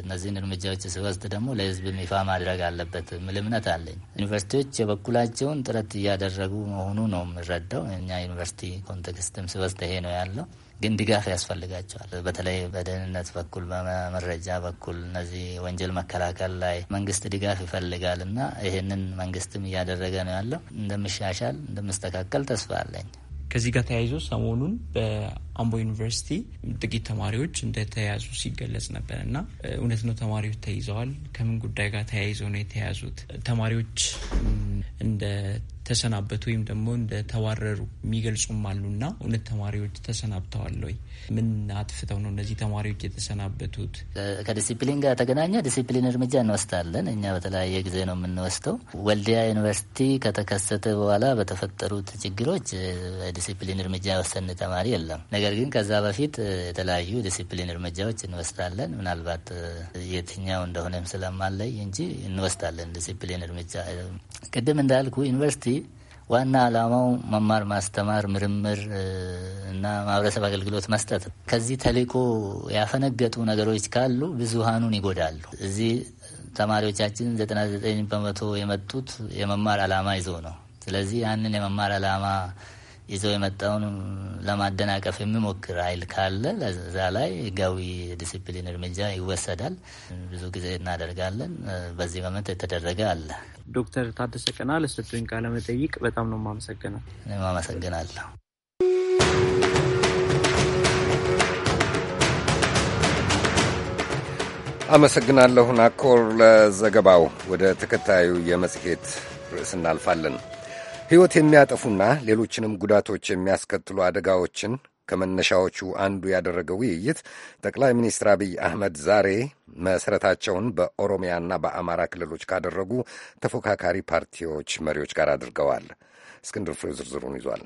እነዚህን እርምጃዎች ሲወስድ ደግሞ ለህዝብ ይፋ ማድረግ አለበት የሚል እምነት አለኝ። ዩኒቨርሲቲዎች የበኩላቸውን ጥረት እያደረጉ መሆኑ ነው የምረዳው። እኛ ዩኒቨርሲቲ ኮንቴክስትም ስበስተ ይሄ ነው ያለው። ግን ድጋፍ ያስፈልጋቸዋል። በተለይ በደህንነት በኩል በመረጃ በኩል እነዚህ ወንጀል መከላከል ላይ መንግስት ድጋፍ ይፈልጋል እና ይህንን መንግስትም እያደረገ ነው ያለው። እንደምሻሻል እንደምስተካከል ተስፋ አለኝ። ከዚህ ጋር ተያይዞ ሰሞኑን በአምቦ ዩኒቨርሲቲ ጥቂት ተማሪዎች እንደተያዙ ሲገለጽ ነበር እና እውነት ነው ተማሪዎች ተይዘዋል? ከምን ጉዳይ ጋር ተያይዘው ነው የተያዙት? ተማሪዎች እንደ ተሰናበቱ ወይም ደግሞ እንደተዋረሩ የሚገልጹም አሉና እውነት ተማሪዎች ተሰናብተዋል ወይ? ምን አጥፍተው ነው እነዚህ ተማሪዎች የተሰናበቱት? ከዲሲፕሊን ጋር ተገናኘ ዲሲፕሊን እርምጃ እንወስዳለን። እኛ በተለያየ ጊዜ ነው የምንወስደው። ወልዲያ ዩኒቨርሲቲ ከተከሰተ በኋላ በተፈጠሩት ችግሮች ዲሲፕሊን እርምጃ የወሰን ተማሪ የለም። ነገር ግን ከዛ በፊት የተለያዩ ዲሲፕሊን እርምጃዎች እንወስዳለን። ምናልባት የትኛው እንደሆነም ስለማለይ እንጂ እንወስዳለን ዲሲፕሊን እርምጃ ቅድም እንዳልኩ ዩኒቨርሲቲ ዋና ዓላማው መማር፣ ማስተማር፣ ምርምር እና ማህበረሰብ አገልግሎት መስጠት። ከዚህ ተልዕኮ ያፈነገጡ ነገሮች ካሉ ብዙሃኑን ይጎዳሉ። እዚህ ተማሪዎቻችን 99 በመቶ የመጡት የመማር ዓላማ ይዞ ነው። ስለዚህ ያንን የመማር ዓላማ ይዘው የመጣውን ለማደናቀፍ የሚሞክር ኃይል ካለ ለዛ ላይ ህጋዊ ዲስፕሊን እርምጃ ይወሰዳል። ብዙ ጊዜ እናደርጋለን። በዚህ መመት የተደረገ አለ። ዶክተር ታደሰ ቀና ለሰጡኝ ቃለ መጠይቅ በጣም ነው ማመሰግናል። አመሰግናለሁ። አመሰግናለሁ ናኮር ለዘገባው። ወደ ተከታዩ የመጽሔት ርዕስ እናልፋለን። ሕይወት የሚያጠፉና ሌሎችንም ጉዳቶች የሚያስከትሉ አደጋዎችን ከመነሻዎቹ አንዱ ያደረገ ውይይት ጠቅላይ ሚኒስትር አብይ አህመድ ዛሬ መሠረታቸውን በኦሮሚያና በአማራ ክልሎች ካደረጉ ተፎካካሪ ፓርቲዎች መሪዎች ጋር አድርገዋል። እስክንድር ፍሬው ዝርዝሩን ይዟል።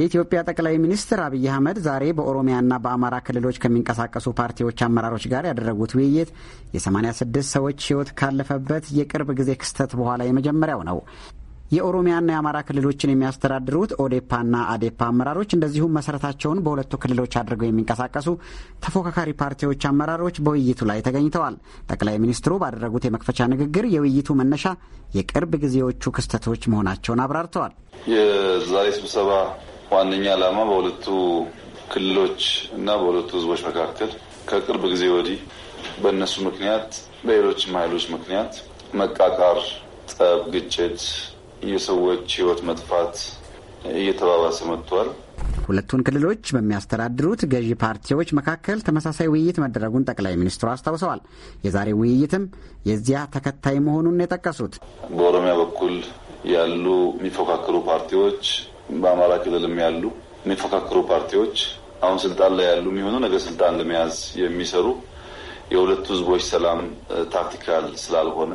የኢትዮጵያ ጠቅላይ ሚኒስትር አብይ አህመድ ዛሬ በኦሮሚያና በአማራ ክልሎች ከሚንቀሳቀሱ ፓርቲዎች አመራሮች ጋር ያደረጉት ውይይት የ86 ሰዎች ሕይወት ካለፈበት የቅርብ ጊዜ ክስተት በኋላ የመጀመሪያው ነው። የኦሮሚያና የአማራ ክልሎችን የሚያስተዳድሩት ኦዴፓና አዴፓ አመራሮች እንደዚሁም መሰረታቸውን በሁለቱ ክልሎች አድርገው የሚንቀሳቀሱ ተፎካካሪ ፓርቲዎች አመራሮች በውይይቱ ላይ ተገኝተዋል። ጠቅላይ ሚኒስትሩ ባደረጉት የመክፈቻ ንግግር የውይይቱ መነሻ የቅርብ ጊዜዎቹ ክስተቶች መሆናቸውን አብራርተዋል። የዛሬ ስብሰባ ዋነኛ ዓላማ በሁለቱ ክልሎች እና በሁለቱ ህዝቦች መካከል ከቅርብ ጊዜ ወዲህ በእነሱ ምክንያት በሌሎችም ኃይሎች ምክንያት መቃቃር፣ ጠብ፣ ግጭት የሰዎች ህይወት መጥፋት እየተባባሰ መጥቷል። ሁለቱን ክልሎች በሚያስተዳድሩት ገዢ ፓርቲዎች መካከል ተመሳሳይ ውይይት መደረጉን ጠቅላይ ሚኒስትሩ አስታውሰዋል። የዛሬ ውይይትም የዚያ ተከታይ መሆኑን የጠቀሱት በኦሮሚያ በኩል ያሉ የሚፎካከሩ ፓርቲዎች፣ በአማራ ክልልም ያሉ የሚፎካከሩ ፓርቲዎች አሁን ስልጣን ላይ ያሉ የሚሆኑ ነገ ስልጣን ለመያዝ የሚሰሩ የሁለቱ ህዝቦች ሰላም ታክቲካል ስላልሆነ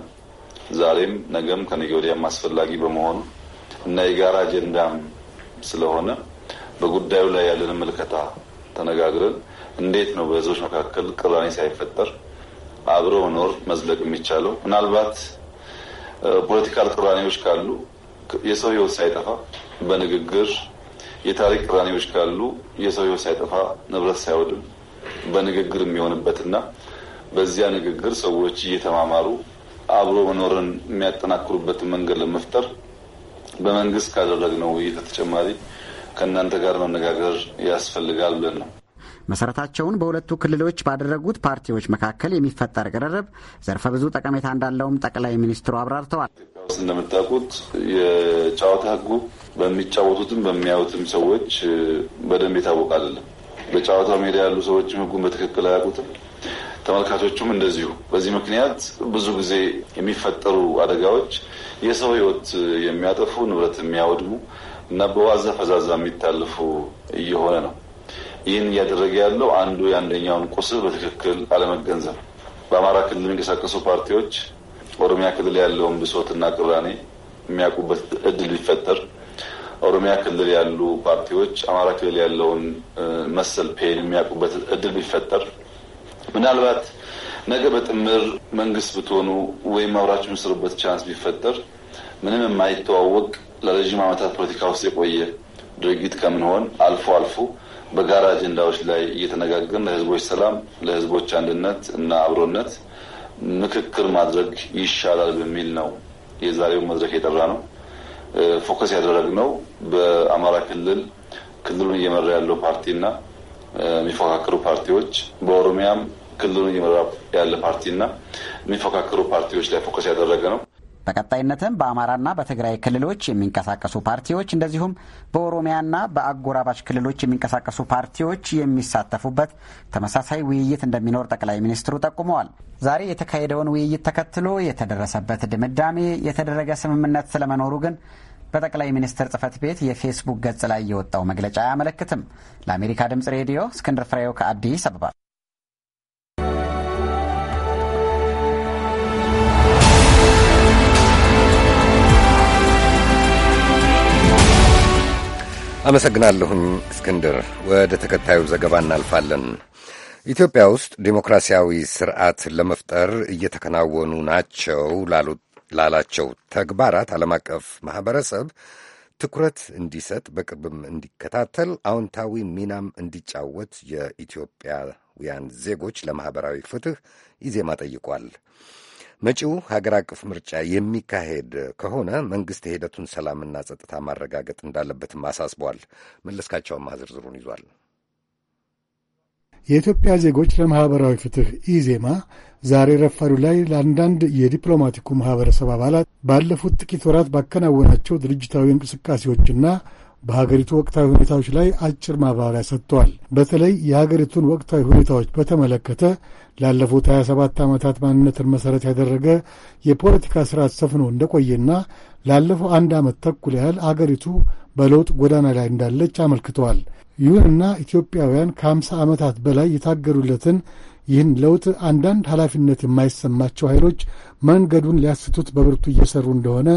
ዛሬም ነገም ከነገ ወዲያም አስፈላጊ በመሆኑ እና የጋራ አጀንዳም ስለሆነ በጉዳዩ ላይ ያለን ምልከታ ተነጋግረን እንዴት ነው በህዝቦች መካከል ቅራኔ ሳይፈጠር አብሮ መኖር መዝለቅ የሚቻለው? ምናልባት ፖለቲካል ቅራኔዎች ካሉ የሰው ህይወት ሳይጠፋ በንግግር የታሪክ ቅራኔዎች ካሉ የሰው ህይወት ሳይጠፋ ንብረት ሳይወድም በንግግር የሚሆንበትና በዚያ ንግግር ሰዎች እየተማማሩ አብሮ መኖርን የሚያጠናክሩበትን መንገድ ለመፍጠር በመንግስት ካደረግነው ውይይት በተጨማሪ ከእናንተ ጋር መነጋገር ያስፈልጋል ብለን ነው። መሰረታቸውን በሁለቱ ክልሎች ባደረጉት ፓርቲዎች መካከል የሚፈጠር ቅርርብ ዘርፈ ብዙ ጠቀሜታ እንዳለውም ጠቅላይ ሚኒስትሩ አብራርተዋል። ኢትዮጵያ ውስጥ እንደምታውቁት የጨዋታ ህጉ በሚጫወቱትም በሚያዩትም ሰዎች በደንብ የታወቀ አይደለም። በጨዋታው ሜዳ ያሉ ሰዎችም ህጉን በትክክል አያውቁትም። ተመልካቾቹም እንደዚሁ። በዚህ ምክንያት ብዙ ጊዜ የሚፈጠሩ አደጋዎች የሰው ሕይወት የሚያጠፉ ንብረት የሚያወድሙ እና በዋዛ ፈዛዛ የሚታለፉ እየሆነ ነው። ይህን እያደረገ ያለው አንዱ የአንደኛውን ቁስል በትክክል አለመገንዘብ። በአማራ ክልል የሚንቀሳቀሱ ፓርቲዎች ኦሮሚያ ክልል ያለውን ብሶትና ቅራኔ የሚያውቁበት እድል ቢፈጠር፣ ኦሮሚያ ክልል ያሉ ፓርቲዎች አማራ ክልል ያለውን መሰል ፔን የሚያውቁበት እድል ቢፈጠር ምናልባት ነገ በጥምር መንግስት ብትሆኑ ወይም አብራችሁ የምትሰሩበት ቻንስ ቢፈጠር ምንም የማይተዋወቅ ለረዥም ዓመታት ፖለቲካ ውስጥ የቆየ ድርጊት ከምንሆን አልፎ አልፎ በጋራ አጀንዳዎች ላይ እየተነጋገርን ለህዝቦች ሰላም፣ ለህዝቦች አንድነት እና አብሮነት ምክክር ማድረግ ይሻላል በሚል ነው የዛሬው መድረክ የጠራ ነው። ፎከስ ያደረግ ነው። በአማራ ክልል ክልሉን እየመራ ያለው ፓርቲና የሚፎካከሩ ፓርቲዎች በኦሮሚያም ክልሉን እየመራ ያለ ፓርቲና የሚፎካከሩ ፓርቲዎች ላይ ፎከስ ያደረገ ነው። በቀጣይነትም በአማራና በትግራይ ክልሎች የሚንቀሳቀሱ ፓርቲዎች እንደዚሁም በኦሮሚያና በአጎራባች ክልሎች የሚንቀሳቀሱ ፓርቲዎች የሚሳተፉበት ተመሳሳይ ውይይት እንደሚኖር ጠቅላይ ሚኒስትሩ ጠቁመዋል። ዛሬ የተካሄደውን ውይይት ተከትሎ የተደረሰበት ድምዳሜ፣ የተደረገ ስምምነት ስለመኖሩ ግን በጠቅላይ ሚኒስትር ጽህፈት ቤት የፌስቡክ ገጽ ላይ የወጣው መግለጫ አያመለክትም። ለአሜሪካ ድምጽ ሬዲዮ እስክንድር ፍሬው ከአዲስ አበባ አመሰግናለሁኝ እስክንድር። ወደ ተከታዩ ዘገባ እናልፋለን። ኢትዮጵያ ውስጥ ዲሞክራሲያዊ ስርዓት ለመፍጠር እየተከናወኑ ናቸው ላላቸው ተግባራት ዓለም አቀፍ ማኅበረሰብ ትኩረት እንዲሰጥ በቅርብም እንዲከታተል አዎንታዊ ሚናም እንዲጫወት የኢትዮጵያውያን ዜጎች ለማኅበራዊ ፍትሕ ኢዜማ ጠይቋል። መጪው ሀገር አቀፍ ምርጫ የሚካሄድ ከሆነ መንግስት የሂደቱን ሰላምና ጸጥታ ማረጋገጥ እንዳለበትም አሳስበዋል። መለስካቸውም ዝርዝሩን ይዟል። የኢትዮጵያ ዜጎች ለማኅበራዊ ፍትሕ ኢዜማ ዛሬ ረፋዱ ላይ ለአንዳንድ የዲፕሎማቲኩ ማኅበረሰብ አባላት ባለፉት ጥቂት ወራት ባከናወናቸው ድርጅታዊ እንቅስቃሴዎችና በሀገሪቱ ወቅታዊ ሁኔታዎች ላይ አጭር ማብራሪያ ሰጥተዋል። በተለይ የሀገሪቱን ወቅታዊ ሁኔታዎች በተመለከተ ላለፉት 27 ዓመታት ማንነትን መሠረት ያደረገ የፖለቲካ ሥርዓት ሰፍኖ እንደቆየና ላለፈው አንድ ዓመት ተኩል ያህል አገሪቱ በለውጥ ጎዳና ላይ እንዳለች አመልክተዋል። ይሁንና ኢትዮጵያውያን ከ50 ዓመታት በላይ የታገዱለትን ይህን ለውጥ አንዳንድ ኃላፊነት የማይሰማቸው ኃይሎች መንገዱን ሊያስቱት በብርቱ እየሰሩ እንደሆነ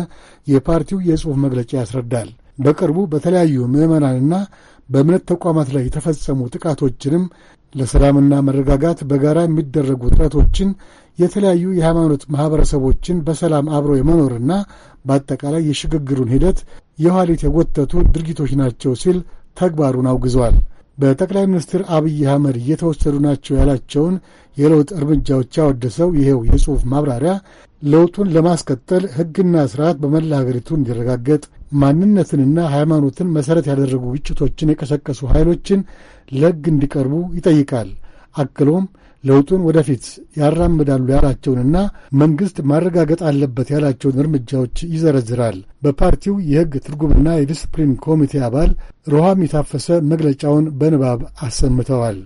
የፓርቲው የጽሑፍ መግለጫ ያስረዳል። በቅርቡ በተለያዩ ምዕመናንና በእምነት ተቋማት ላይ የተፈጸሙ ጥቃቶችንም ለሰላምና መረጋጋት በጋራ የሚደረጉ ጥረቶችን የተለያዩ የሃይማኖት ማኅበረሰቦችን በሰላም አብረው የመኖርና በአጠቃላይ የሽግግሩን ሂደት የኋሊት የጎተቱ ድርጊቶች ናቸው ሲል ተግባሩን አውግዘዋል። በጠቅላይ ሚኒስትር አብይ አህመድ እየተወሰዱ ናቸው ያላቸውን የለውጥ እርምጃዎች ያወደሰው ይኸው የጽሑፍ ማብራሪያ ለውጡን ለማስቀጠል ሕግና ሥርዓት በመላ ሀገሪቱ እንዲረጋገጥ ማንነትንና ሃይማኖትን መሠረት ያደረጉ ግጭቶችን የቀሰቀሱ ኃይሎችን ለሕግ እንዲቀርቡ ይጠይቃል። አክሎም ለውጡን ወደፊት ያራምዳሉ ያላቸውንና መንግሥት ማረጋገጥ አለበት ያላቸውን እርምጃዎች ይዘረዝራል። በፓርቲው የሕግ ትርጉምና የዲስፕሊን ኮሚቴ አባል ሮሃም የታፈሰ መግለጫውን በንባብ አሰምተዋል።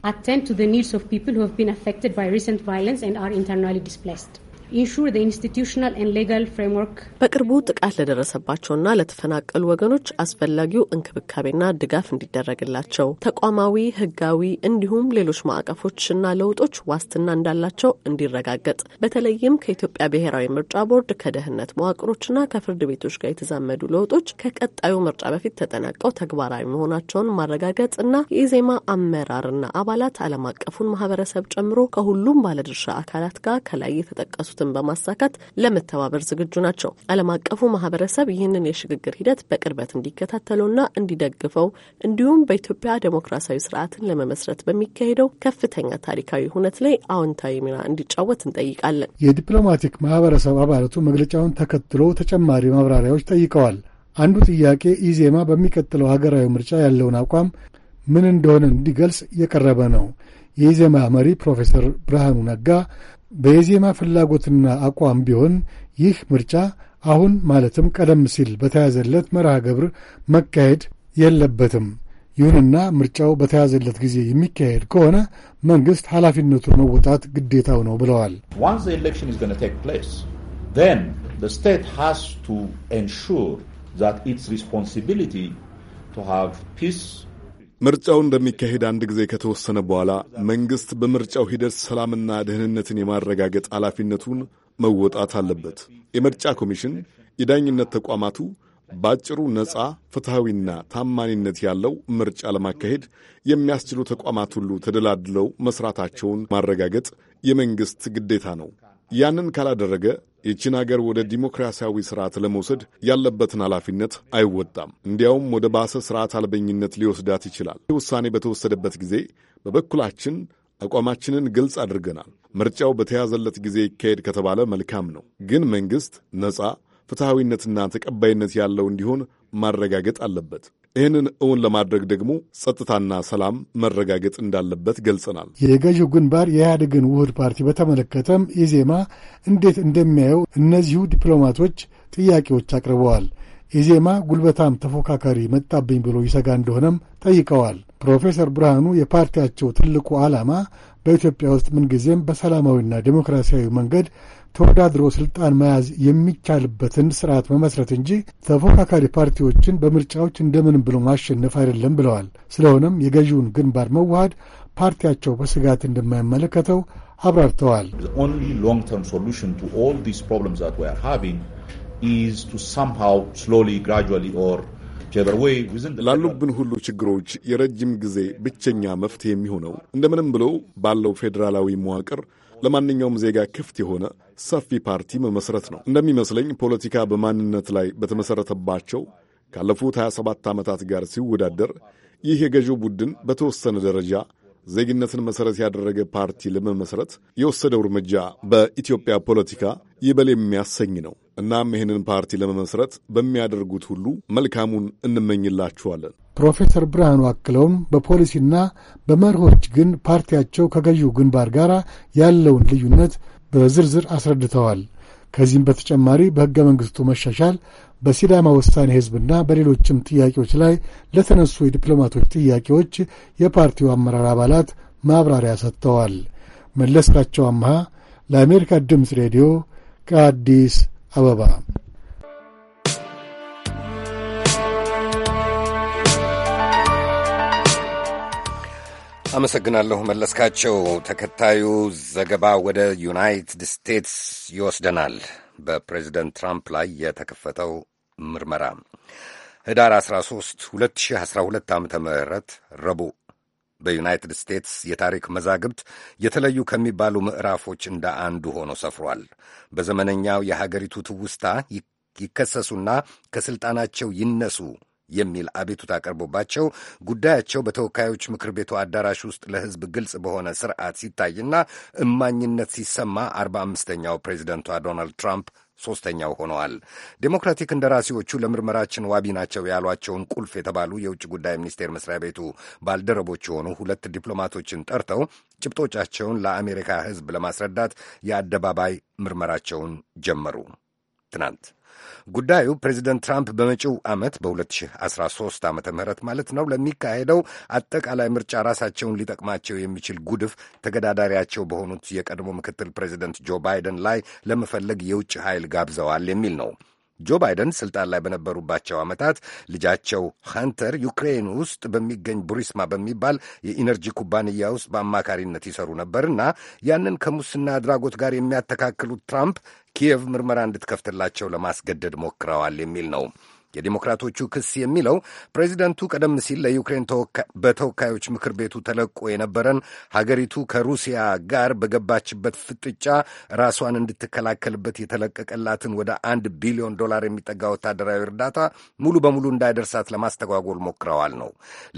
በቅርቡ ጥቃት ለደረሰባቸውና ለተፈናቀሉ ወገኖች አስፈላጊው እንክብካቤና ድጋፍ እንዲደረግላቸው ተቋማዊ፣ ሕጋዊ እንዲሁም ሌሎች ማዕቀፎችና ለውጦች ዋስትና እንዳላቸው እንዲረጋገጥ በተለይም ከኢትዮጵያ ብሔራዊ ምርጫ ቦርድ ከደህንነት መዋቅሮችና ከፍርድ ቤቶች ጋር የተዛመዱ ለውጦች ከቀጣዩ ምርጫ በፊት ተጠናቀው ተግባራዊ መሆናቸውን ማረጋገጥ እና የኢዜማ አመራርና አባላት ዓለም አቀፉን ማህበረሰብ ጨምሮ ከሁሉም ባለድርሻ አካላት ጋር ከላይ የተጠቀሱ ያሰቡትን በማሳካት ለመተባበር ዝግጁ ናቸው። ዓለም አቀፉ ማህበረሰብ ይህንን የሽግግር ሂደት በቅርበት እንዲከታተለውና እንዲደግፈው እንዲሁም በኢትዮጵያ ዴሞክራሲያዊ ስርዓትን ለመመስረት በሚካሄደው ከፍተኛ ታሪካዊ ሁነት ላይ አዎንታዊ ሚና እንዲጫወት እንጠይቃለን። የዲፕሎማቲክ ማህበረሰብ አባላቱ መግለጫውን ተከትሎ ተጨማሪ ማብራሪያዎች ጠይቀዋል። አንዱ ጥያቄ ኢዜማ በሚቀጥለው ሀገራዊ ምርጫ ያለውን አቋም ምን እንደሆነ እንዲገልጽ የቀረበ ነው። የኢዜማ መሪ ፕሮፌሰር ብርሃኑ ነጋ በየዜማ ፍላጎትና አቋም ቢሆን ይህ ምርጫ አሁን ማለትም ቀደም ሲል በተያዘለት መርሃ ግብር መካሄድ የለበትም። ይሁንና ምርጫው በተያዘለት ጊዜ የሚካሄድ ከሆነ መንግሥት ኃላፊነቱን መወጣት ግዴታው ነው ብለዋል። ስቴት ምርጫው እንደሚካሄድ አንድ ጊዜ ከተወሰነ በኋላ መንግሥት በምርጫው ሂደት ሰላምና ደህንነትን የማረጋገጥ ኃላፊነቱን መወጣት አለበት። የምርጫ ኮሚሽን፣ የዳኝነት ተቋማቱ በአጭሩ ነጻ ፍትሐዊና ታማኒነት ያለው ምርጫ ለማካሄድ የሚያስችሉ ተቋማት ሁሉ ተደላድለው መስራታቸውን ማረጋገጥ የመንግሥት ግዴታ ነው። ያንን ካላደረገ ይችን አገር ወደ ዲሞክራሲያዊ ስርዓት ለመውሰድ ያለበትን ኃላፊነት አይወጣም። እንዲያውም ወደ ባሰ ስርዓት አልበኝነት ሊወስዳት ይችላል። ይህ ውሳኔ በተወሰደበት ጊዜ በበኩላችን አቋማችንን ግልጽ አድርገናል። ምርጫው በተያዘለት ጊዜ ይካሄድ ከተባለ መልካም ነው፣ ግን መንግሥት ነጻ ፍትሐዊነትና ተቀባይነት ያለው እንዲሆን ማረጋገጥ አለበት። ይህንን እውን ለማድረግ ደግሞ ጸጥታና ሰላም መረጋገጥ እንዳለበት ገልጸናል። የገዢው ግንባር የኢህአዴግን ውህድ ፓርቲ በተመለከተም ኢዜማ እንዴት እንደሚያየው እነዚሁ ዲፕሎማቶች ጥያቄዎች አቅርበዋል። ኢዜማ ጉልበታም ተፎካካሪ መጣብኝ ብሎ ይሰጋ እንደሆነም ጠይቀዋል። ፕሮፌሰር ብርሃኑ የፓርቲያቸው ትልቁ ዓላማ በኢትዮጵያ ውስጥ ምንጊዜም በሰላማዊና ዴሞክራሲያዊ መንገድ ተወዳድሮ ስልጣን መያዝ የሚቻልበትን ስርዓት መመስረት እንጂ ተፎካካሪ ፓርቲዎችን በምርጫዎች እንደምንም ብሎ ማሸነፍ አይደለም ብለዋል። ስለሆነም የገዢውን ግንባር መዋሃድ ፓርቲያቸው በስጋት እንደማይመለከተው አብራርተዋል። ላሉብን ሁሉ ችግሮች የረጅም ጊዜ ብቸኛ መፍትሄ የሚሆነው እንደምንም ብሎ ባለው ፌዴራላዊ መዋቅር ለማንኛውም ዜጋ ክፍት የሆነ ሰፊ ፓርቲ መመስረት ነው። እንደሚመስለኝ ፖለቲካ በማንነት ላይ በተመሠረተባቸው ካለፉት 27 ዓመታት ጋር ሲወዳደር ይህ የገዢው ቡድን በተወሰነ ደረጃ ዜግነትን መሠረት ያደረገ ፓርቲ ለመመስረት የወሰደው እርምጃ በኢትዮጵያ ፖለቲካ ይበል የሚያሰኝ ነው። እናም ይህንን ፓርቲ ለመመስረት በሚያደርጉት ሁሉ መልካሙን እንመኝላችኋለን። ፕሮፌሰር ብርሃኑ አክለውም በፖሊሲና በመርሆች ግን ፓርቲያቸው ከገዢው ግንባር ጋር ያለውን ልዩነት በዝርዝር አስረድተዋል። ከዚህም በተጨማሪ በሕገ መንግሥቱ መሻሻል በሲዳማ ውሳኔ ሕዝብና በሌሎችም ጥያቄዎች ላይ ለተነሱ የዲፕሎማቶች ጥያቄዎች የፓርቲው አመራር አባላት ማብራሪያ ሰጥተዋል። መለስካቸው አምሃ ለአሜሪካ ድምፅ ሬዲዮ ከአዲስ አበባ አመሰግናለሁ መለስካቸው። ተከታዩ ዘገባ ወደ ዩናይትድ ስቴትስ ይወስደናል። በፕሬዚደንት ትራምፕ ላይ የተከፈተው ምርመራ ህዳር 13 2012 ዓ ም ረቡዕ በዩናይትድ ስቴትስ የታሪክ መዛግብት የተለዩ ከሚባሉ ምዕራፎች እንደ አንዱ ሆኖ ሰፍሯል። በዘመነኛው የሀገሪቱ ትውስታ ይከሰሱና ከሥልጣናቸው ይነሱ የሚል አቤቱታ ቀርቦባቸው ጉዳያቸው በተወካዮች ምክር ቤቱ አዳራሽ ውስጥ ለሕዝብ ግልጽ በሆነ ስርዓት ሲታይና እማኝነት ሲሰማ አርባ አምስተኛው ፕሬዚደንቷ ዶናልድ ትራምፕ ሶስተኛው ሆነዋል። ዴሞክራቲክ እንደራሴዎቹ ለምርመራችን ዋቢ ናቸው ያሏቸውን ቁልፍ የተባሉ የውጭ ጉዳይ ሚኒስቴር መስሪያ ቤቱ ባልደረቦች የሆኑ ሁለት ዲፕሎማቶችን ጠርተው ጭብጦቻቸውን ለአሜሪካ ሕዝብ ለማስረዳት የአደባባይ ምርመራቸውን ጀመሩ ትናንት ጉዳዩ ፕሬዚደንት ትራምፕ በመጪው ዓመት በ2013 ዓ ም ማለት ነው ለሚካሄደው አጠቃላይ ምርጫ ራሳቸውን ሊጠቅማቸው የሚችል ጉድፍ ተገዳዳሪያቸው በሆኑት የቀድሞ ምክትል ፕሬዚደንት ጆ ባይደን ላይ ለመፈለግ የውጭ ኃይል ጋብዘዋል የሚል ነው። ጆ ባይደን ስልጣን ላይ በነበሩባቸው ዓመታት ልጃቸው ሃንተር ዩክሬን ውስጥ በሚገኝ ቡሪስማ በሚባል የኢነርጂ ኩባንያ ውስጥ በአማካሪነት ይሰሩ ነበርና ያንን ከሙስና አድራጎት ጋር የሚያተካክሉት ትራምፕ ኪየቭ ምርመራ እንድትከፍትላቸው ለማስገደድ ሞክረዋል የሚል ነው። የዲሞክራቶቹ ክስ የሚለው ፕሬዚደንቱ ቀደም ሲል ለዩክሬን በተወካዮች ምክር ቤቱ ተለቆ የነበረን ሀገሪቱ ከሩሲያ ጋር በገባችበት ፍጥጫ ራሷን እንድትከላከልበት የተለቀቀላትን ወደ አንድ ቢሊዮን ዶላር የሚጠጋ ወታደራዊ እርዳታ ሙሉ በሙሉ እንዳይደርሳት ለማስተጓጎል ሞክረዋል ነው።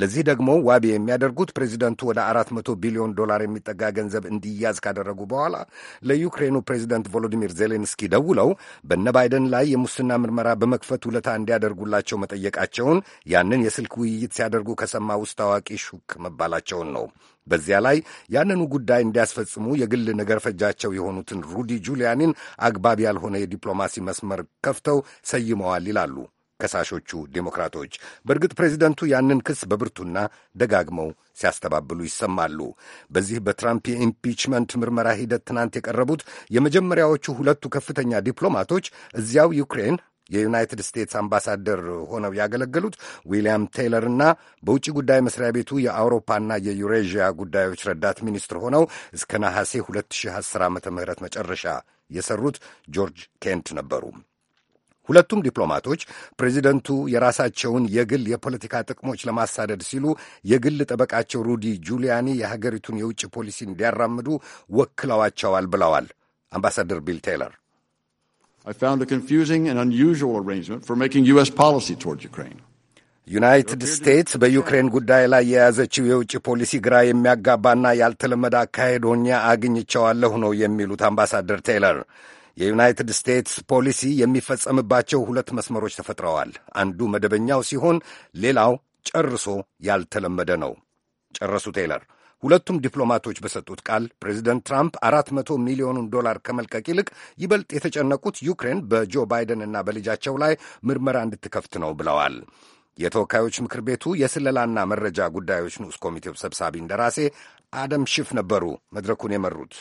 ለዚህ ደግሞ ዋቢ የሚያደርጉት ፕሬዚደንቱ ወደ አራት መቶ ቢሊዮን ዶላር የሚጠጋ ገንዘብ እንዲያዝ ካደረጉ በኋላ ለዩክሬኑ ፕሬዚደንት ቮሎዲሚር ዜሌንስኪ ደውለው በነ ባይደን ላይ የሙስና ምርመራ በመክፈት ውለታ እንዲያ እንዲያደርጉላቸው መጠየቃቸውን ያንን የስልክ ውይይት ሲያደርጉ ከሰማ ውስጥ አዋቂ ሹክ መባላቸውን ነው። በዚያ ላይ ያንኑ ጉዳይ እንዲያስፈጽሙ የግል ነገር ፈጃቸው የሆኑትን ሩዲ ጁሊያኒን አግባብ ያልሆነ የዲፕሎማሲ መስመር ከፍተው ሰይመዋል ይላሉ ከሳሾቹ ዴሞክራቶች። በእርግጥ ፕሬዚደንቱ ያንን ክስ በብርቱና ደጋግመው ሲያስተባብሉ ይሰማሉ። በዚህ በትራምፕ የኢምፒችመንት ምርመራ ሂደት ትናንት የቀረቡት የመጀመሪያዎቹ ሁለቱ ከፍተኛ ዲፕሎማቶች እዚያው ዩክሬን የዩናይትድ ስቴትስ አምባሳደር ሆነው ያገለገሉት ዊልያም ቴይለር እና በውጭ ጉዳይ መስሪያ ቤቱ የአውሮፓና የዩሬዥያ ጉዳዮች ረዳት ሚኒስትር ሆነው እስከ ነሐሴ 2010 ዓ ም መጨረሻ የሰሩት ጆርጅ ኬንት ነበሩ። ሁለቱም ዲፕሎማቶች ፕሬዚደንቱ የራሳቸውን የግል የፖለቲካ ጥቅሞች ለማሳደድ ሲሉ የግል ጠበቃቸው ሩዲ ጁሊያኒ የሀገሪቱን የውጭ ፖሊሲ እንዲያራምዱ ወክለዋቸዋል ብለዋል አምባሳደር ቢል ቴይለር I found a confusing and unusual arrangement for making U.S. policy towards Ukraine. ዩናይትድ ስቴትስ በዩክሬን ጉዳይ ላይ የያዘችው የውጭ ፖሊሲ ግራ የሚያጋባና ያልተለመደ አካሄድ ሆኜ አግኝቸዋለሁ ነው የሚሉት አምባሳደር ቴይለር። የዩናይትድ ስቴትስ ፖሊሲ የሚፈጸምባቸው ሁለት መስመሮች ተፈጥረዋል። አንዱ መደበኛው ሲሆን፣ ሌላው ጨርሶ ያልተለመደ ነው። ጨረሱ ቴይለር። ሁለቱም ዲፕሎማቶች በሰጡት ቃል ፕሬዚደንት ትራምፕ አራት መቶ ሚሊዮኑን ዶላር ከመልቀቅ ይልቅ ይበልጥ የተጨነቁት ዩክሬን በጆ ባይደን እና በልጃቸው ላይ ምርመራ እንድትከፍት ነው ብለዋል። የተወካዮች ምክር ቤቱ የስለላና መረጃ ጉዳዮች ንዑስ ኮሚቴው ሰብሳቢ እንደራሴ አደም ሽፍ ነበሩ መድረኩን የመሩት።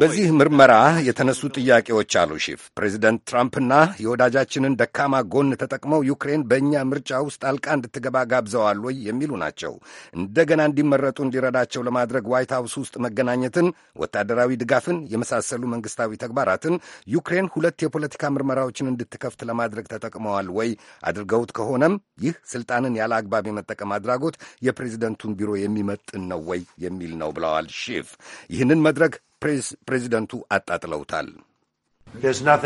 በዚህ ምርመራ የተነሱ ጥያቄዎች አሉ ሺፍ ፕሬዚደንት ትራምፕና የወዳጃችንን ደካማ ጎን ተጠቅመው ዩክሬን በእኛ ምርጫ ውስጥ አልቃ እንድትገባ ጋብዘዋል ወይ የሚሉ ናቸው። እንደገና እንዲመረጡ እንዲረዳቸው ለማድረግ ዋይት ሀውስ ውስጥ መገናኘትን፣ ወታደራዊ ድጋፍን የመሳሰሉ መንግስታዊ ተግባራትን ዩክሬን ሁለት የፖለቲካ ምርመራዎችን እንድትከፍት ለማድረግ ተጠቅመዋል ወይ? አድርገውት ከሆነም ይህ ስልጣንን ያለ አግባብ የመጠቀም አድራጎት የፕሬዚደንቱን ቢሮ የሚመጥን ነው ወይ የሚል ነው ብለዋል ሺፍ። ይህንን መድረክ ፕሬዚደንቱ አጣጥለውታል። uh,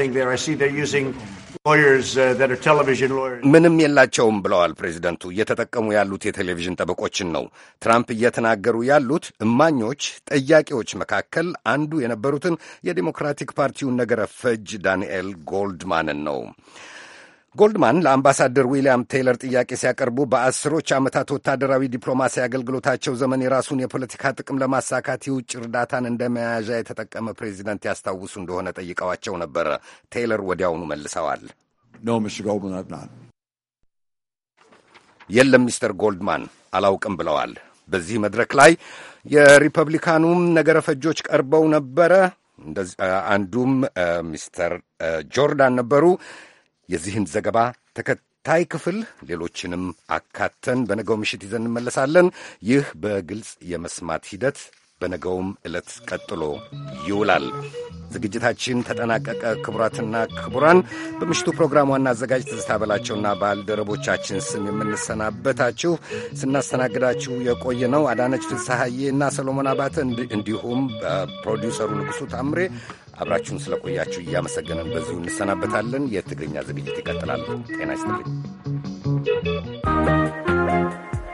ምንም የላቸውም ብለዋል ፕሬዚደንቱ። እየተጠቀሙ ያሉት የቴሌቪዥን ጠበቆችን ነው። ትራምፕ እየተናገሩ ያሉት እማኞች ጠያቂዎች መካከል አንዱ የነበሩትን የዴሞክራቲክ ፓርቲውን ነገረ ፈጅ ዳንኤል ጎልድማንን ነው። ጎልድማን ለአምባሳደር ዊልያም ቴይለር ጥያቄ ሲያቀርቡ በአስሮች ዓመታት ወታደራዊ ዲፕሎማሲ አገልግሎታቸው ዘመን የራሱን የፖለቲካ ጥቅም ለማሳካት የውጭ እርዳታን እንደ መያዣ የተጠቀመ ፕሬዚደንት ያስታውሱ እንደሆነ ጠይቀዋቸው ነበረ። ቴይለር ወዲያውኑ መልሰዋል፣ የለም ሚስተር ጎልድማን አላውቅም ብለዋል። በዚህ መድረክ ላይ የሪፐብሊካኑም ነገረ ፈጆች ቀርበው ነበረ። አንዱም ሚስተር ጆርዳን ነበሩ። የዚህን ዘገባ ተከታይ ክፍል ሌሎችንም አካተን በነገው ምሽት ይዘን እንመለሳለን። ይህ በግልጽ የመስማት ሂደት በነገውም ዕለት ቀጥሎ ይውላል። ዝግጅታችን ተጠናቀቀ። ክቡራትና ክቡራን፣ በምሽቱ ፕሮግራም ዋና አዘጋጅ ትዝታ በላቸውና ባልደረቦቻችን ስም የምንሰናበታችሁ ስናስተናግዳችሁ የቆየ ነው አዳነች ፍስሐዬ እና ሰሎሞን አባተ እንዲሁም ፕሮዲውሰሩ ንጉሡ ታምሬ አብራችሁን ስለቆያችሁ እያመሰገንን በዚሁ እንሰናበታለን። የትግርኛ ዝግጅት ይቀጥላል። ጤና ይስጥልኝ።